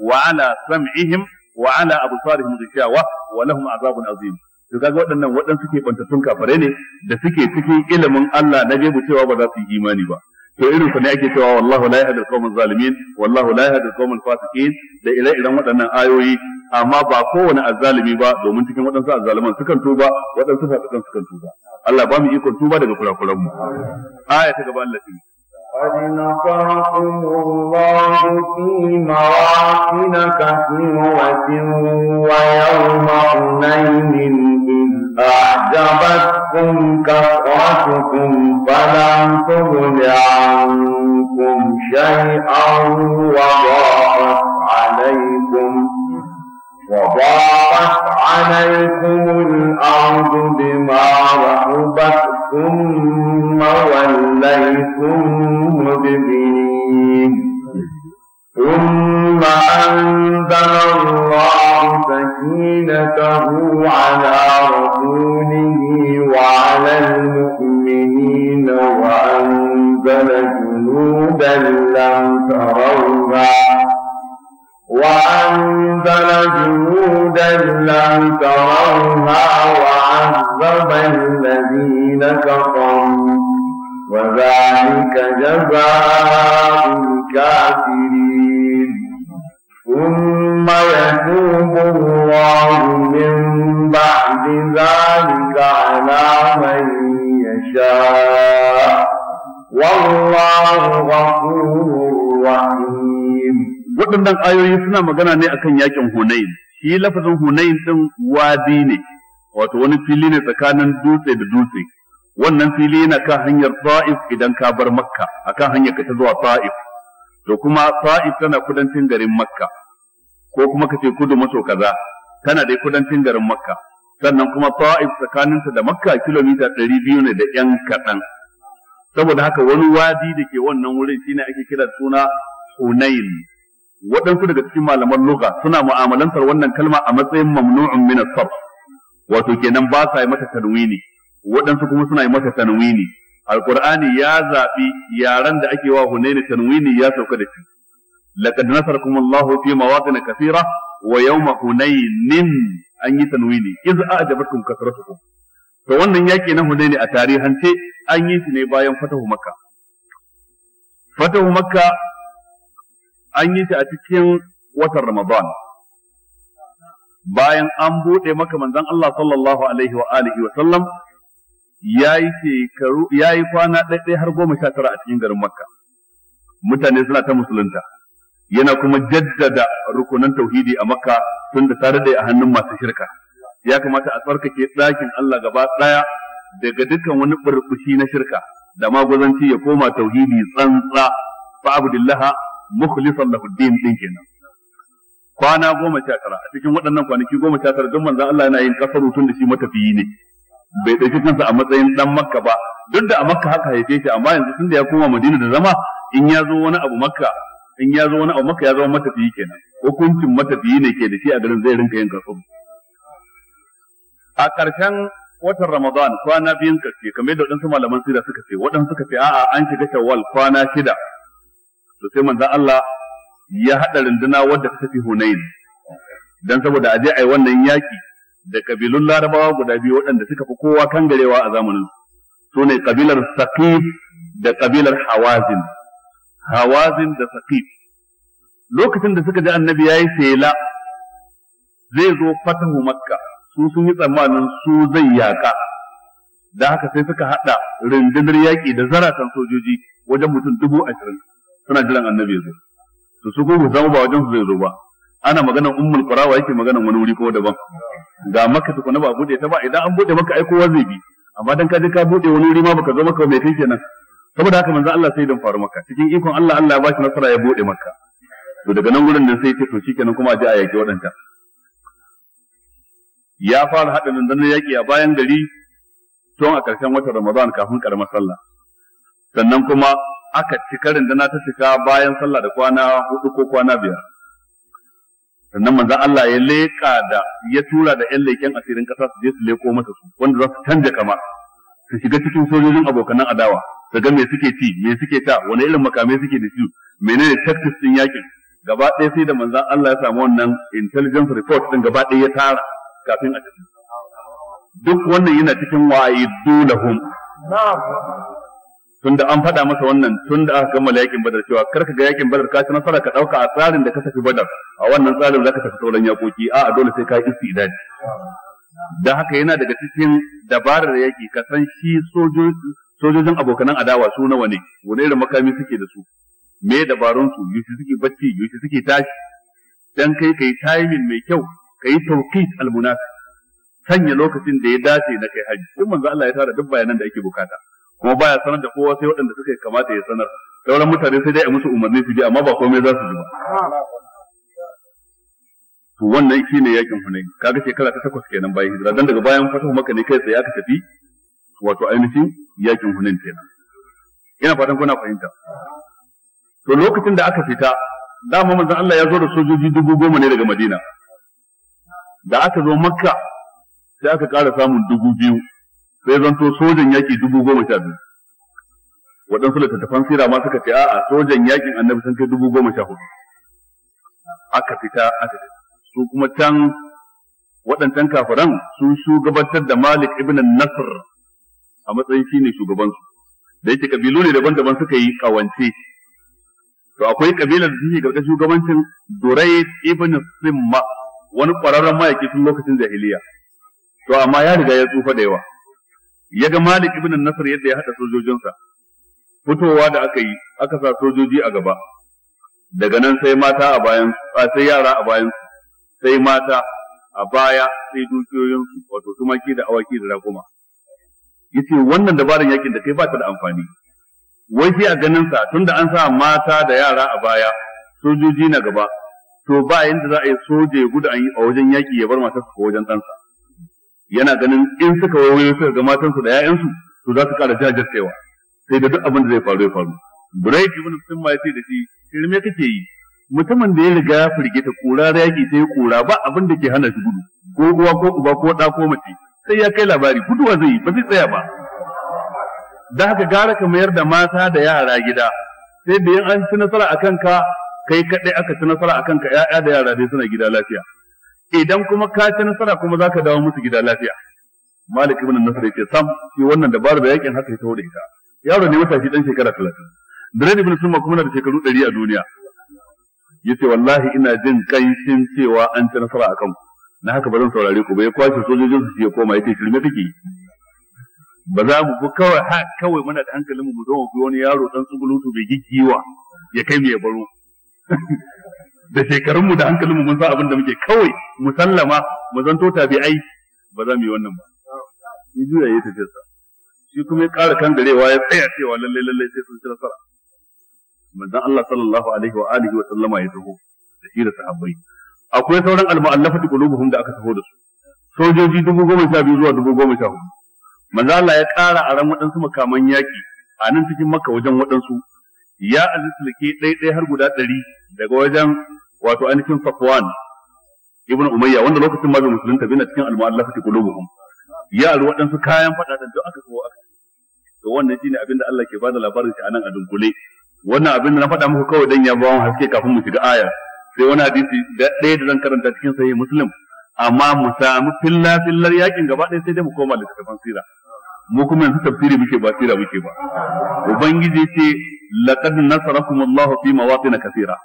wa ala sam'ihim wa ala absarihim ghishawa wa lahum azabun azim to kaga waɗannan waɗansu ke bantattun kafare ne da suke cikin ilimin Allah na gaibu cewa ba za su yi imani ba to irin su ne ake cewa wallahu la yahdi al-qawmal zalimin wallahu la yahdi al-qawmal fasiqin da ire-iren waɗannan ayoyi amma ba kowane azzalimi ba domin cikin waɗansu azzaliman sukan tuba waɗansu fasikan sukan tuba Allah ba mu ikon tuba daga kurakuran mu aya ta gaba Allah قد نصركم الله في مواطن كثيرة ويوم حنين إذ أعجبتكم كثرتكم فلم تغن عنكم شيئا وضاقت عليكم وضاقت عليكم الأرض بما رحبت ثم وليتم مدبرين ثم أنزل الله سكينته على رسوله وعلى المؤمنين وأنزل جنودا لم تروها وأنزل جنودا لم تروها وعذب الذين كفروا وذلك جزاء الكافرين ثم يتوب الله من بعد ذلك على من يشاء والله غفور رحيم waɗannan ayoyi suna magana ne akan yakin Hunain shi lafazin Hunain din wadi ne wato wani fili ne tsakanin dutse da dutse wannan fili yana kan hanyar Ta'if idan ka bar Makka akan hanyar ka ta zuwa Ta'if to kuma Ta'if tana kudancin garin Makka ko kuma ka ce kudu maso kaza tana dai kudancin garin Makka sannan kuma Ta'if tsakaninta da Makka kilomita ɗari biyu ne da ƴan kaɗan saboda haka wani wadi da ke wannan wurin shine ake kira suna Hunain waɗansu daga cikin malaman lugha suna mu'amalantar wannan kalma a matsayin mamnu'un min as-sarf wato kenan ba sa yi mata tanwini waɗansu kuma suna yi mata tanwini alqur'ani ya zabi yaran da ake wa hunaini tanwini ya sauka da shi laqad nasarakum Allahu fi mawaqin kathira wa yawma hunainin an yi tanwini iz a'jabatkum kasratukum to wannan yake na hunaini a tarihance an yi shi ne bayan fatahu makka fatahu makka an yi shi a cikin watan Ramadan bayan an buɗe maka manzon Allah sallallahu alaihi wa alihi wa sallam yayi shekaru yayi kwana ɗaiɗai har goma sha tara a cikin garin Makka mutane suna ta musulunta yana kuma jaddada rukunan tauhidi a Makka tun da tare da a hannun masu shirka ya kamata a tsarkake ɗakin Allah gaba ɗaya daga dukkan wani burbushi na shirka da magwazanci ya koma tauhidi tsantsa fa abdullaha mukhlisan lahu din din kenan kwana goma sha tara a cikin waɗannan kwanaki goma sha tara don manzon Allah yana yin kasaru tun da shi matafiyi ne bai ɗauki kansa a matsayin dan makka ba duk da a makka haka haife shi amma yanzu tun da ya koma madina da zama in ya zo wani abu makka in ya zo wani abu makka ya zama matafiyi kenan hukuncin matafiyi ne ke da shi a garin zai rinka yin kasaru a ƙarshen watan Ramadan kwana biyun karshe kamar yadda waɗansu malaman sira suka ce waɗansu suka ce a'a an shiga Shawwal kwana shida to sai Allah ya haɗa runduna wadda ta tafi Hunain dan saboda a je a yi wannan yaki da kabilun Larabawa guda biyu waɗanda suka fi kowa kangarewa a zamanin su ne kabilar Saqif da kabilar Hawazin Hawazin da Saqif lokacin da suka ji annabi ya yi sela zai zo fatahu Makka su sun yi tsammanin su zai yaƙa, da haka sai suka haɗa rundunar yaƙi da zaratan sojoji wajen mutum dubu ashirin suna jiran annabi ya zo to su kuma zama ba wajen su zai zo ba ana maganar ummul qura wa yake maganar wani wuri ko daban ga Makka maka na ba bude ta ba idan an bude maka ai kowa zai bi amma dan ka je ka bude wani wuri ma baka zo maka mai kai kenan saboda haka manzo Allah sai dan faru maka cikin ikon Allah Allah ya baki nasara ya bude maka to daga nan gurin nan sai ce to shikenan kuma a je a yaki waɗancan ya fara haɗa dan yaƙi a bayan gari tun a ƙarshen watan Ramadan kafin ƙaramar sallah sannan kuma aka cika na ta cika bayan sallah da kwana hudu ko kwana biyar sannan manzon Allah ya leƙa da ya tura da ƴan leƙen asirin ƙasa su je su leƙo masa su wanda za su canja kama su shiga cikin sojojin abokanan adawa su ga me suke ci me suke ta wani irin makamai suke da su menene tactics ɗin yakin gaba ɗaya sai da manzon Allah ya samu wannan intelligence report din gaba ɗaya ya tara kafin a tafi duk wannan yana cikin wa'idu lahum na'am tunda an faɗa masa wannan tunda aka kammala yakin badar cewa kar ka ga yakin badar ka ci nasara ka ɗauka a tsarin da ka tafi badar a wannan tsarin za ka tafi sauran yakoki a a dole sai ka yi istidadi dan haka yana daga cikin dabarar yaki ka san shi sojojin abokanan adawa su nawa ne wani irin makami suke da su me dabarun su yushi suke bacci yushi suke tashi dan kai kai timing mai kyau kai tawqit almunafiq sanya lokacin da ya dace na kai haji kuma manzo Allah ya tara duk bayanan da ake bukata kuma baya sanar da kowa sai waɗanda suka kamata ya sanar sauran mutane sai dai a musu umarni su bi amma ba komai za su ji ba to wannan shine yakin hunai kaga shekara ta takwas kenan bayan hijira dan daga bayan fatahu maka ne kai tsaye aka tafi wato ainihin yakin hunain kenan ina fatan kuna fahimta to lokacin da aka fita dama manzon Allah ya zo da sojoji dubu goma ne daga Madina da aka zo makka sai aka ƙara samun dubu biyu sai zanto sojan yaƙi dubu goma sha biyu waɗansu littattafan sira ma suka ce a'a sojan yaƙin annabi sun kai dubu goma sha hudu aka fita aka su kuma can waɗancan kafiran sun shugabantar da Malik ibn Nasr a matsayin shine shugabansu da yake kabilu ne daban-daban suka yi kawance to akwai kabilar da suke gaba shugabancin durai ibn Simma wani ƙwararren mayaki tun lokacin jahiliya to amma ya riga ya tsufa da yawa ya ga Malik ibn Nasr yadda ya hada sojojinsa fitowa da aka yi aka sa sojoji a gaba daga nan sai mata a bayan sai yara a bayan sai mata a baya sai dukiyoyinsu wato tumaki da awaki da raguma yace wannan dabarin yakin da kai ba ta da amfani wai sai a ganin sa tunda an sa mata da yara a baya sojoji na gaba to ba yanda za a yi soje gudu a wajen yaki ya bar matarsa ko wajen ɗansa yana ganin in suka wayo suka ga su da 'ya'yansu to za su ƙara jajircewa sai da duk abin da zai faru ya faru break ibn Summa ya ce da shi shirme kake yi mutumin da ya riga ya firgita kura yaki sai kura ba abin da ke hana shi gudu ko uwa ko uba ko ɗa ko mace sai ya kai labari guduwa zai yi ba zai tsaya ba da haka gara ka mayar da mata da yara gida sai da yin an ci nasara a kanka kai kaɗai aka ci nasara a kanka 'ya'ya da yara dai suna gida lafiya idan kuma ka ci nasara kuma za ka dawo musu gida lafiya malik ibn nasar yace sam shi wannan dabarar da yakin haka ya taho da ita yaro ne matashi dan shekara 30 Dare ibn Summa kuma na da shekaru 100 a duniya yace wallahi ina jin kanshin cewa an ci nasara akan ku na haka ba zan saurare ku ba ya kwashe sojojin su ya koma yace shirme take. ba za mu ku kawai ha kawai muna da hankalin mu don mu wani yaro dan tsugulutu bai giggiwa ya kai mu ya baro da shekarunmu da hankalinmu mun san abin da muke kawai musallama mu zanto tabi'ai ba za mu yi wannan ba shi juya ya tafi sa shi kuma ya ƙara kan garewa ya tsaya cewa lalle lalle sai sun ci nasara manzon Allah sallallahu alaihi wa alihi wa sallama ya taho da shi da sahabbai akwai sauran al-mu'allafati qulubuhum da aka taho da su sojoji dubu goma sha biyu zuwa dubu goma sha hudu manzo Allah ya ƙara a ran waɗansu makaman yaƙi a nan cikin makka wajen waɗansu ya azizlake ɗaiɗai har guda ɗari daga wajen wato ainihin Safwan ibn Umayya wanda lokacin ma bai musulunta bina cikin al-mu'allafati qulubuhum ya ruwa dan su kayan fada da duk aka kawo aka to wannan shine abinda Allah ke bada labarin shi anan a dunkule wannan abin da na faɗa muku kawai dan ya ba mu haske kafin mu shiga aya sai wani hadisi ɗaya da zan karanta cikin sahih muslim amma mu samu filla fillar yakin gaba ɗaya sai dai mu koma littattafan sira mu kuma yanzu tafsiri muke ba sira muke ba ubangiji ce laqad nasarakum Allahu fi mawaqin kathira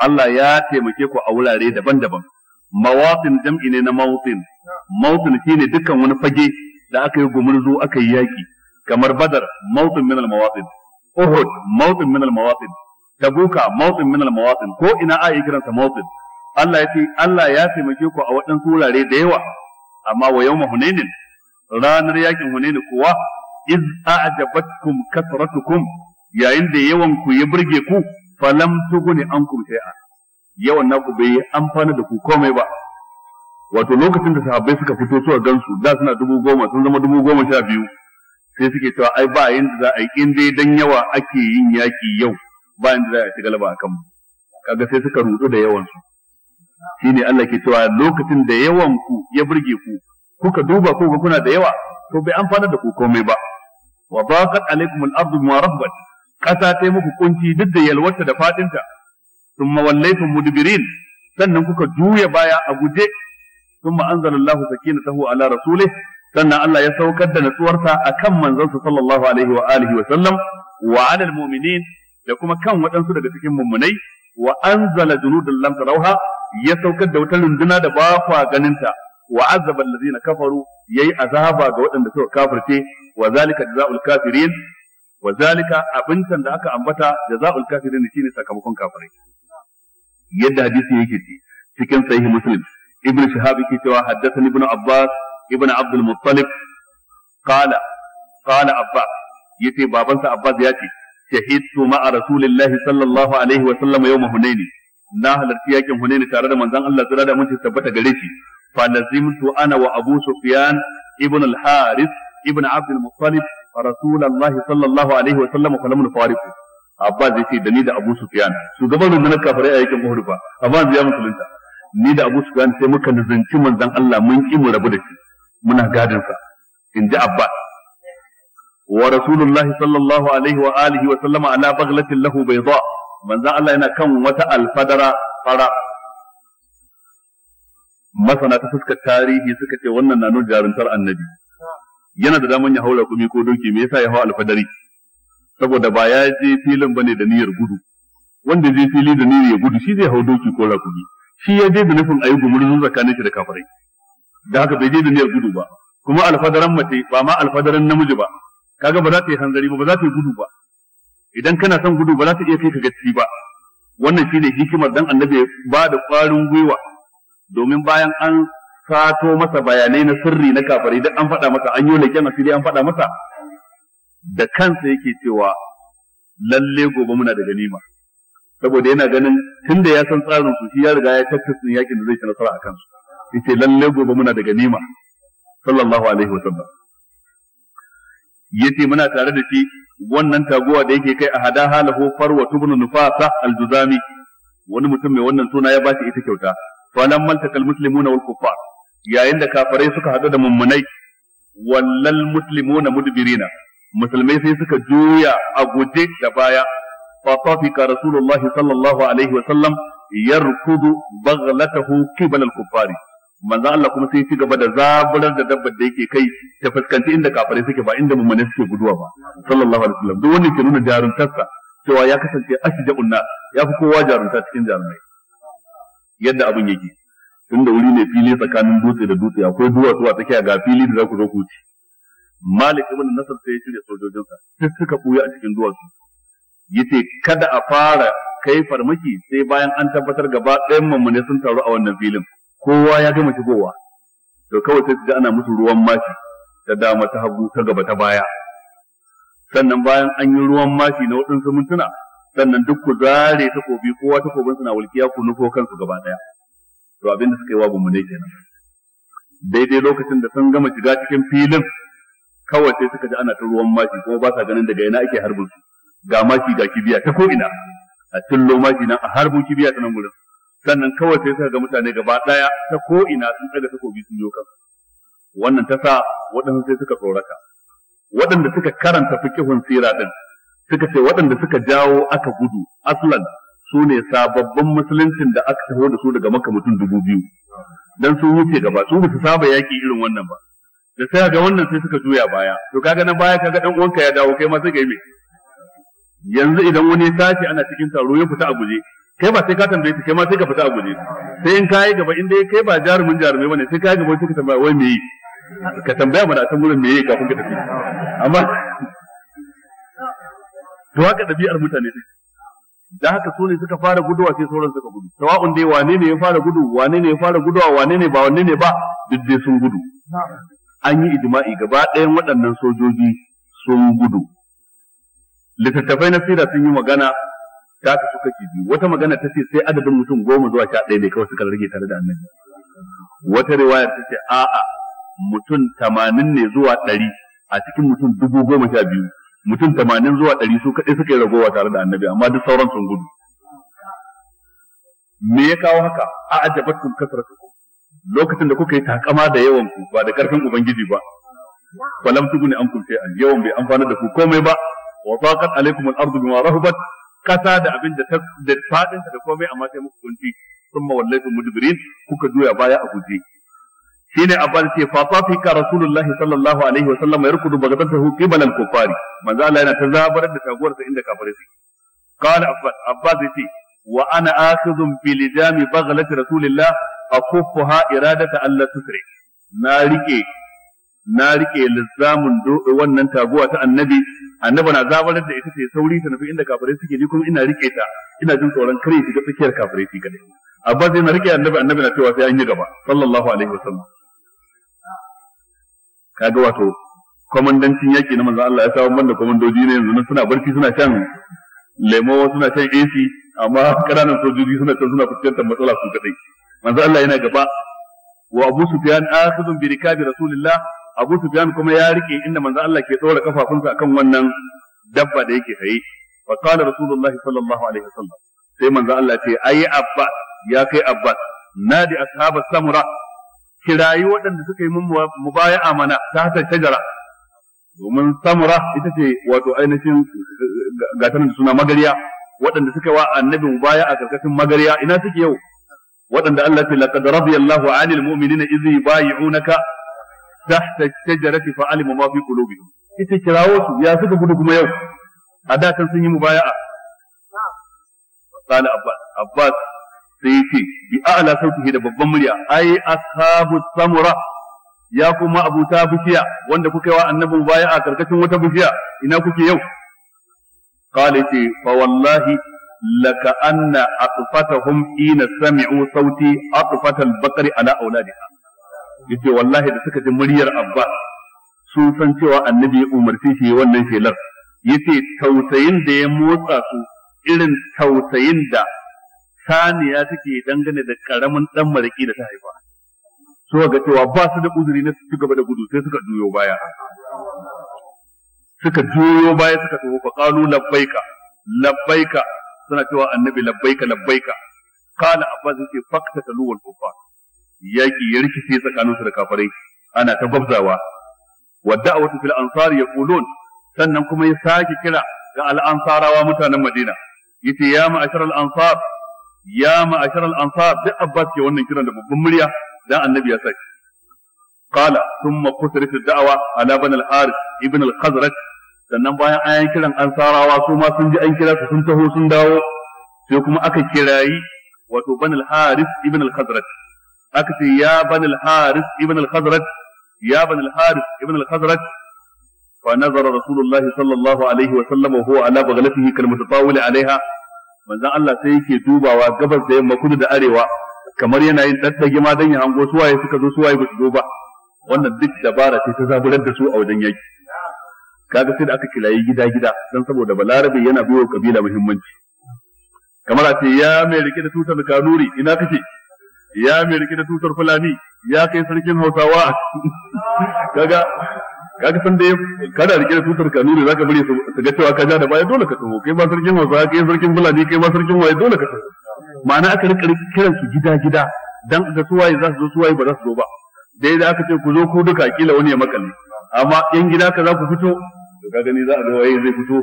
Allah ya taimake ku a wurare daban-daban mawatin jam'i ne na mawtin shi shine dukkan wani fage da aka yi gumurzu aka yi yaƙi. kamar badar mawtin min al-mawatin uhud mawtin min tabuka mawtin min ko ina a yi kiransa mawtin Allah ya ce Allah ya taimake ku a waɗansu wurare da yawa amma wa hunainin ranar yaƙin hunaini kuwa iz a'jabatkum kasratukum yayin da yawan ku ya burge ku falam tuguni ankum shay'a yawan naku bai amfana da ku komai ba wato lokacin da sahabbai suka fito suka gansu da suna dubu goma sun zama dubu goma sha biyu sai suke cewa ai ba da za a yi in dai dan yawa ake yin yaki yau ba da za a ci galaba a mu kaga sai suka rudu da yawan su shine Allah ke cewa lokacin da yawan ku ya burge ku kuka duba ko kuna da yawa to bai amfana da ku komai ba wa baqat alaikum ardu bima rabbat ƙasa ta yi muku kunci duk da yalwarta da faɗinta sun mawallaitum mudbirin sannan kuka juya baya a guje sun sakina tahu ala rasulih sannan Allah ya saukar da natsuwarsa a kan manzansa sallallahu alaihi wa alihi wa sallam wa mu'minin da kuma kan waɗansu daga cikin mummunai wa anzala junudan lam ya saukar da wata runduna da ba kwa ganinta wa azaba allazina kafaru yayi azaba ga waɗanda suka kafirce wa zalika jazaul kafirin Wazalika zalika abincin da aka ambata jazaul kafirin shine sakamakon kafirai yadda hadisi yake ci cikin sahih muslim ibn shihab yake cewa haddathani ibn abbas ibn abd al qala qala abbas yace babansa abbas ya ce shahidtu ma'a rasulillahi sallallahu alaihi wa sallam hunaini na halarci yakin hunaini tare da manzon Allah tsira da mutunta tabbata gare shi fa lazimtu ana wa abu sufyan ibn al-harith ibn abd al-muttalib rasulullahi sallallahu alaihi wa sallam fa lam Abba zai ce da ni da abu sufyan shugaban rundunar kafirai a yakin uhud fa zai ya musulunta ni da abu sufyan sai muka nazanci manzon Allah mun ki mu rabu da shi muna gadin sa inji abba. wa rasulullahi sallallahu alaihi wa alihi wa sallama ala baghlatin lahu bayda manzon Allah yana kan wata alfadara fara masana ta fuskar tarihi suka ce wannan na nuna jarumtar annabi yana da daman ya haura kuma ko doki me yasa ya hawa alfadari saboda ba ya je filin bane da niyyar gudu wanda je fili da niyyar ya gudu shi zai hau doki ko rakumi shi ya je da nufin ayi gumurzu tsakanin shi da kafirai da haka bai je da niyyar gudu ba kuma alfadaran mace ba ma alfadaran namiji ba kaga ba za ta yi hanzari ba ba za ta yi gudu ba idan kana son gudu ba za ta iya kai ka gaci ba wannan shine hikimar dan annabi ba da kwarin gwiwa domin bayan an Kato masa bayanai na sirri na kafari duk an faɗa masa an yi leken asiri an faɗa masa da kansa yake cewa lalle gobe muna da ganima saboda yana ganin tunda ya san tsarin su shi ya riga ya tattasin yakin da zai ci nasara a kansu yace lalle gobe muna da ganima sallallahu alaihi wasallam yace muna tare da shi wannan taguwa da yake kai a hada halahu farwa tubnu nufasa aljuzami wani mutum mai wannan suna ya bashi ita kyauta falan maltakal muslimuna wal kuffar yayin da kafirai suka haɗu da mummunai wallal muslimuna mudbirina musulmai sai suka juya a guje da baya fa tafika rasulullahi sallallahu alaihi wa sallam yarkudu baghlatahu qibala al-kuffari manzo Allah kuma sai ya gaba da zaburar da dabbar da yake kai ta fuskanci inda kafirai suke ba inda mummunai suke guduwa ba sallallahu alaihi wa sallam duk wannan ke nuna jaruntarsa cewa ya kasance ashja'un nas ya fi kowa jarunta cikin jarumai yadda abin yake tunda wuri ne fili tsakanin dutse da dutse akwai duwatsu a tsakiya ga fili da za ku zo ku ci Malik ibn Nasr sai ya shirya sojojinsa duk suka buya a cikin duwatsu yace kada a fara kai farmaki sai bayan an tabbatar gaba ɗayan mamune sun taru a wannan filin kowa ya gama shigowa to kawai sai ga ana musu ruwan mashi ta dama ta hagu ta gaba ta baya sannan bayan an yi ruwan mashi na waɗansu mintuna sannan duk ku zare takobi kowa takobin suna walƙiya ku nufo kansu gaba ɗaya to abinda suka yi wa mummunai kenan daidai lokacin da sun gama shiga cikin filin kawai sai suka ji ana ta ruwan mashi kuma ba sa ganin daga ina ake harbin su ga mashi ga kibiya ta ko ina a tullo mashi nan a harbin kibiya ta nan gurin sannan kawai sai suka ga mutane gaba daya ta ko ina sun daga takobi sun yoka wannan ta sa waɗansu sai suka tsorata waɗanda suka karanta fikihun sira din suka ce waɗanda suka jawo aka gudu aslan su ne sababbin musuluncin da aka taho da su daga maka mutum dubu biyu dan sun wuce gaba su basu saba yaki irin wannan ba da sai ga wannan sai suka juya baya to kaga na baya kaga dan uwanka ya dawo kai ma sai yi me yanzu idan wani ya tashi ana cikin taro ya fita a guje kai ba sai ka tambaye shi kai ma sai ka fita a guje sai in kayi gaba inda kai ba jarumin jarumai bane sai kai gaba sai ka tambaya wai me ka tambaya mana san gurin me kafin ka tafi amma to haka dabi'ar mutane da haka su ne suka fara guduwa sai sauran suka gudu sawa'un dai wane ne ya fara gudu wane ne ya fara guduwa wane ne ba wane ne ba duk dai sun gudu an yi ijma'i gaba ɗayan waɗannan sojoji sun gudu littattafai na sira sun yi magana ta suka kashi biyu wata magana ta ce sai adadin mutum goma zuwa sha ɗaya ne kawai suka rage tare da annabi wata riwaya ta ce a'a mutum tamanin ne zuwa ɗari a cikin mutum dubu goma sha biyu mutum tamanin zuwa ɗari su kaɗai suka ragowa tare da annabi amma duk sauran sun gudu me ya kawo haka a ajabatkum su. lokacin da kuka yi takama da yawan ku ba da karfin ubangiji ba falam tuguni ankum shay'an yawan bai amfana da ku komai ba wa faqat alaikum al-ardu bima rahabat kasa da abin da da fadin da komai amma sai muku kunci wallai wallaytum mudbirin kuka juya baya a guje shine abbas ce fa ka rasulullah sallallahu alaihi wa sallam yarkudu bagdatahu qibala al-kuffari manzo Allah yana tazabar da taguwar sa inda kafirai suke qala abbas abbas ce wa ana akhidhun bi lidami baghlati rasulillah akuffuha iradata alla tusri na rike na rike lizamin wannan taguwa ta annabi annabi na zabarar da ita ce sauri ta nufi inda kafirai suke ni kuma ina rike ta ina jin tsoron kare ga tsakiyar kafirai shi kadai abbas yana rike annabi annabi na cewa sai an yi gaba sallallahu alaihi wa sallam. kaga wato komandancin yaki na manzon Allah ya sa banda komandoji ne yanzu suna barci suna shan lemo suna shan AC amma kananan sojoji suna can suna fuskantar matsala su kadai manzon Allah yana gaba wa Abu Sufyan akhidun bi rikabi Rasulillah Abu Sufyan kuma ya rike inda manzon Allah ke tsora kafafunsa akan wannan dabba da yake tsaye fa qala Rasulullahi sallallahu alaihi wasallam sai manzon Allah ce ayi abba ya kai abba nadi ashabas samura kirayi waɗanda suka yi mu baya amana ta hasa shajara domin samura ita ce wato ainihin gatanin da suna magariya waɗanda suka wa annabi mu baya a karkashin magariya ina suke yau waɗanda Allah ce laqad radiyallahu 'anil mu'minina idh yubayyi'unaka tahta ash-shajarati fa'alima ma fi qulubihim ita kirawo su ya suka gudu kuma yau a da sun yi mubaya'a qala abbas abbas sai ya ce bi a'la sautihi da babban murya ai ashabu samura ya kuma abuta bishiya wanda kuka yi wa annabin baya a karkashin wata bishiya ina kuke yau qala ce fa wallahi laka anna atfatahum ina sami'u sauti atfatal bakari ala auladiha yace wallahi da suka ji muryar abba sun san cewa annabi ya umarci shi wannan shelar yace tausayin da ya motsa su irin tausayin da saniya take dangane da karamin dan maraki da ta haifa so ga cewa ba su da uzuri na su gaba da gudu sai suka juyo baya suka juyo baya suka tafi fa qalu labbaika labbaika suna cewa annabi labbaika labbaika qala abbas yace fakta talu wal kufar yaki ya rikice tsakanin su da kafirai ana ta gwabzawa wa da'watu fil ansar yaqulun sannan kuma ya sake kira ga al ansarawa mutanen madina yace ya ma'ashar al ansar ya ma'ashar al-ansar duk abbas ke wannan kiran da babban murya dan annabi ya saki qala thumma qutrat ad-da'wa ala ban al-harith ibn al-khazraj sannan bayan ayan kiran ansarawa su ma sun ji an kira su sun taho sun dawo sai kuma aka kirayi wato ban al-harith ibn al-khazraj aka ce ya ban al-harith ibn al-khazraj ya ban al-harith ibn al-khazraj فنظر رسول الله صلى الله عليه وسلم وهو على بغلته كالمتطاول عليها manzon Allah sai yake dubawa gabas da yamma kudu da arewa kamar yana yin daddage ma dan ya hango suwaye suka zo suwaye ba su zo ba wannan duk dabara ce ta zaburar da su a wajen yaki kaga sai da aka kilayi gida gida dan saboda balarabe yana biyo kabila muhimmanci kamar a ce ya mai rike da tutar kanuri ina kake ya mai rike da tutar fulani ya kai sarkin hausawa kaga ka san dai kada rike da tutar kanu za zaka bari su ga cewa ka ja da baya dole ka taho kai ba sarkin wasa kai sarkin bulani kai ba sarkin waye dole ka taho ma'ana aka rika kiran su gida gida dan ga suwaye waye za su zo su waye ba za su zo ba dai da aka ce ku zo ku duka kila wani ya makalle amma yan gida ka za ku fito to ka gani za a ga waye zai fito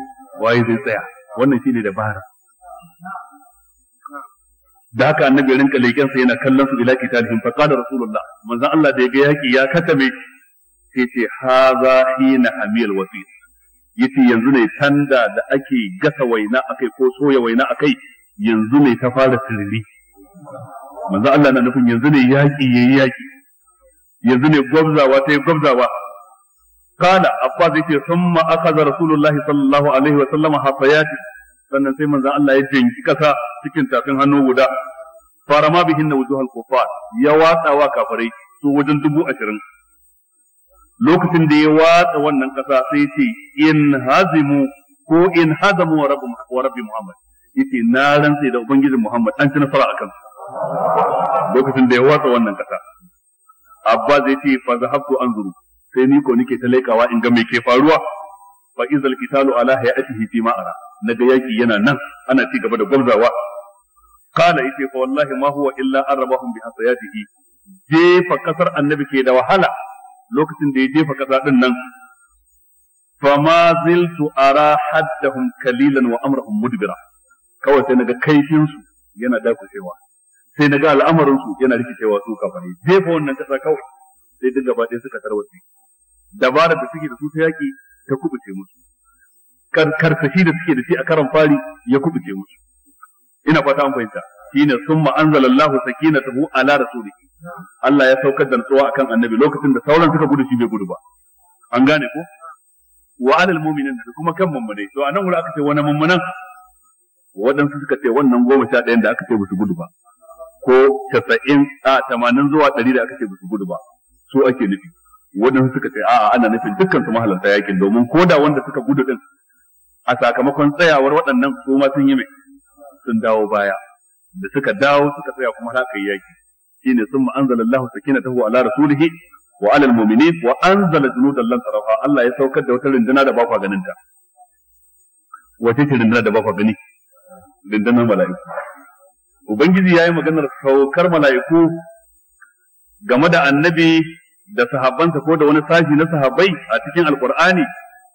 waye zai tsaya wannan shine dabara da haka annabi rinka leƙen sa yana kallon su ila kitabihim fa qala rasulullah manzon Allah da ya ga yaki ya katame sai ce haza hina hamiyal wasit yace yanzu ne tanda da ake gasa waina akai ko soya waina akai yanzu ne ta fara tiriri manzo Allah na nufin yanzu ne yaki yayi yaki yanzu ne gwabzawa ta yi gwabzawa kana abba zai ce summa akaza rasulullahi sallallahu alaihi wa sallam hafayati sannan sai manzo Allah ya jinki kasa cikin tafin hannu guda farama bihin wujuhal kufar ya watsa wa kafirai su wajen dubu ashirin lokacin da ya watsa wannan kasa sai ce in hazimu ko in hazamu wa rabbi muhammad yace na rantsa da ubangijin muhammad an ci nasara akan lokacin da ya watsa wannan ƙasa. abba zai ce fa zahabtu anzuru sai ni ko nake ta laikawa in ga me ke faruwa fa izal qitalu ala hayatihi fi ma ara naga yaki yana nan ana ci gaba da gwamzawa kala yace fa wallahi ma huwa illa arabahum bi hasayatihi jefa kasar annabi ke da wahala lokacin da ya jefa kasa din nan fama ziltu ara haddahum kalilan wa amrahum mudbira kawai sai naga kaifin su yana dakushewa sai naga al'amarin su yana rikicewa su kafare jefa wannan kasa kawai sai duk gaba ɗaya suka tarwace dabara da suke da su ta yaki ta kubuce musu karkashi da suke da shi a karan fari ya kubuce musu ina fata an fahimta shine summa anzalallahu sakinatahu ala rasulihi Allah ya saukar da nutsuwa akan annabi lokacin da sauran suka gudu shi bai gudu ba an gane ko wa alal mu'minin da kuma kan mummunai to anan wuri aka ce wani mummunan waɗansu suka ce wannan goma sha ɗayan da aka ce su gudu ba ko casa'in a tamanin zuwa ɗari da aka ce su gudu ba su ake nufi waɗansu suka ce a'a ana nufin dukkan su mahalarta yakin domin ko da wanda suka gudu din a sakamakon tsayawar waɗannan su ma sun yi mai sun dawo baya da suka dawo suka tsaya kuma za ka yi yaki shine summa anzalallahu sakinatahu ala rasulihi wa alal mu'minin wa anzala junudan lam tarawha Allah ya saukar da wata rinduna da ba ku ganin ta wace ce rinduna da ba ku gani rindunar mala'iku ubangiji ya yi maganar saukar mala'iku game da annabi da sahabbansa ko da wani sashi na sahabbai a cikin alkur'ani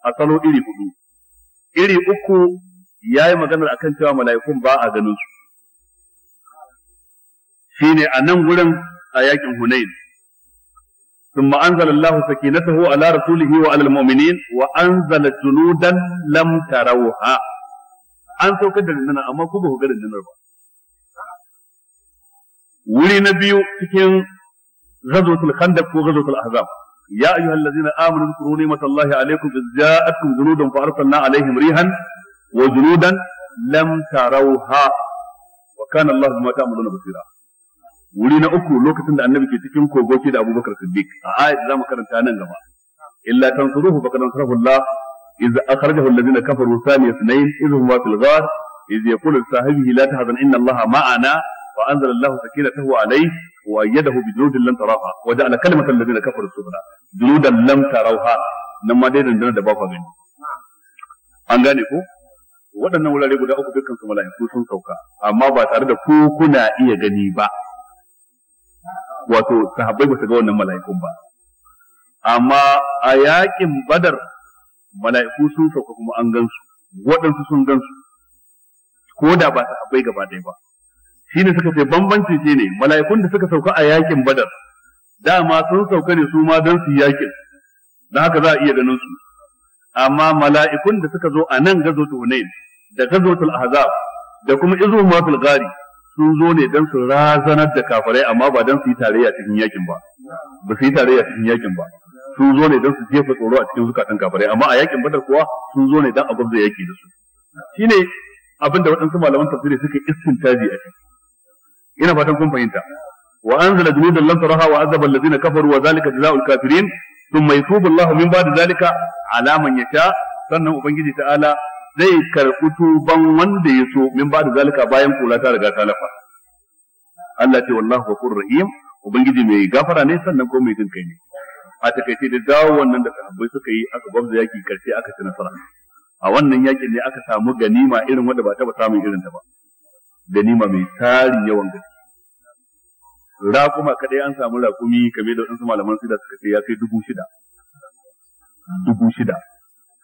a salo iri hudu iri uku ya yi maganar akan cewa mala'ikun ba a ganin su shine a nan gurin a yakin Hunain ثم أنزل الله سكينته على رسوله وعلى المؤمنين وأنزل جنودا لم تروها an saukar da rundunar amma ku ba ku ga rundunar ba wuri na biyu cikin غزوة الخندق وغزوة الأحزاب يا أيها الذين آمنوا اذكروا نعمة الله عليكم إذ جاءتكم جنودا فأرسلنا عليهم ريحا وجنودا لم تروها وكان الله بما تعملون بصيرا wuri na uku lokacin da annabi ke cikin kogo da abubakar siddiq a ayat za mu karanta nan gaba illa tansuruhu faqad ansarahu allah iz akhrajahu alladhina kafaru thani ithnain idh huma fil ghar iz yaqulu li sahibihi la tahzan inna Allah ma'ana fa anzala allah sakinatahu alayhi wa ayyadahu bi junudin lam taraha wa ja'ala kalimatan alladhina kafaru sufla junudan lam tarawha nan ma dai dandana da ba ku gani an gane ku? waɗannan wurare guda uku dukkan su mala'iku sun sauka amma ba tare da ku kuna iya gani ba wato sahabbai ba su ga wannan mala'ikun ba amma a yakin badar mala'iku sun sauka kuma an gan su, waɗansu sun gan su, ko da ba sahabbai gaba ɗaya ba shine suka ce bambanci shine mala'ikun da suka sauka a yakin badar dama sun sauka ne su ma don su yakin da haka za a iya ganin su amma mala'ikun da suka zo a nan gazo ta da gazo ahzab da kuma izo matul gari sun zo ne don su razanar da kafirai amma ba don su yi tarayya cikin yakin ba ba su yi tarayya cikin yakin ba sun zo ne don su jefa tsoro a cikin zukatan kafirai amma a yakin badar kuwa sun zo ne don a gwamza yaki da su shine abinda waɗansu malaman tafsiri suka istintaji a ciki ina fatan kun fahimta wa anzala junudan lam taraha wa azaba alladhina kafaru wa zalika jazaa'ul kafirin thumma yatubu Allahu min ba'di zalika ala man yasha sannan ubangiji ta'ala zai karɓi tuban wanda ya so min ba da zalika bayan kula ta riga ta lafa Allah ce wallahu ghafurur rahim ubangiji mai gafara ne sannan ko mai jin kai ne a takaice da dawo wannan da sahabbai suka yi aka gwamza yaki karshe aka ci nasara a wannan yakin ne aka samu ganima irin wanda ba taba samun irin ta ba ganima mai tari yawan gaske raƙuma kadai an samu raƙumi kamar da wasu malaman sida suka ce ya kai dubu shida dubu shida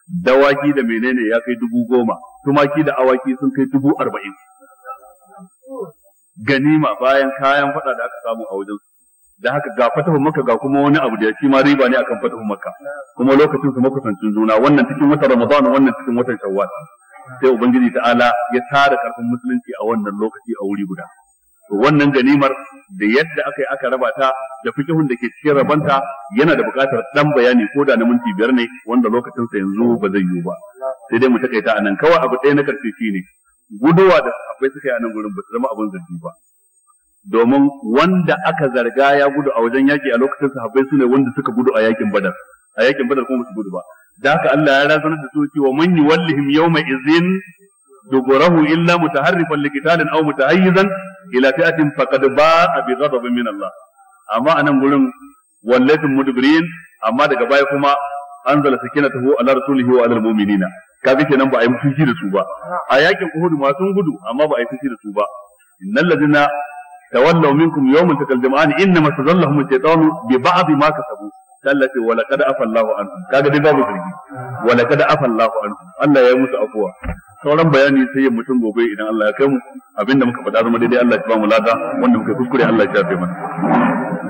dawaki da menene ya kai dubu goma tumaki da awaki sun kai dubu arba'in ganima bayan kayan fada da aka samu a wajen da haka ga fatahun maka ga kuma wani abu da ya ma riba ne akan fatahun maka kuma lokacin su makusancin juna wannan cikin watan ramadan wannan cikin watan shawwal sai ubangiji ta'ala ya tara karfin musulunci a wannan lokaci a wuri guda to wannan ganimar da yadda aka yi aka raba ta da fikihun da ke cikin rabanta yana da buƙatar ɗan bayani ko da na minti biyar ne wanda lokacinsa yanzu ba zai yiwu ba sai dai mu takaita anan kawai abu ɗaya na karshe shine gudowa da akwai suka yi anan gurin ba su zama abin zargi ba domin wanda aka zarga ya gudu a wajen yaƙi a lokacin sahabbai su ne wanda suka gudu a yaƙin badar a yaƙin badar kuma su gudu ba da haka Allah ya razana da su cewa man yuwallihim yawma izin dugurahu illa mutaharrifan liqitalin aw mutahayyizan ila fi'atin faqad ba'a bi ghadabin min Allah amma anan gurin wallatin mudbirin amma daga baya kuma anzala sakinatahu ala rasulihi wa ala almu'minina kaga kenan ba a yi fushi da su ba a yakin Uhud ma sun gudu amma ba a yi fushi da su ba innal ladina tawallaw minkum yawman taqal jam'an innama tazallahum ash-shaytanu bi ba'd ma kasabu Allah ce wala kada afa Allahu anhu kaga dai babu zargi wala kada afa Allahu anhu Allah ya yi musu afuwa sauran bayani sai ya mutum gobe idan Allah ya kai mu abinda muka faɗa zama daidai Allah ya ba mu lada wanda muka kuskure Allah ya shafe mana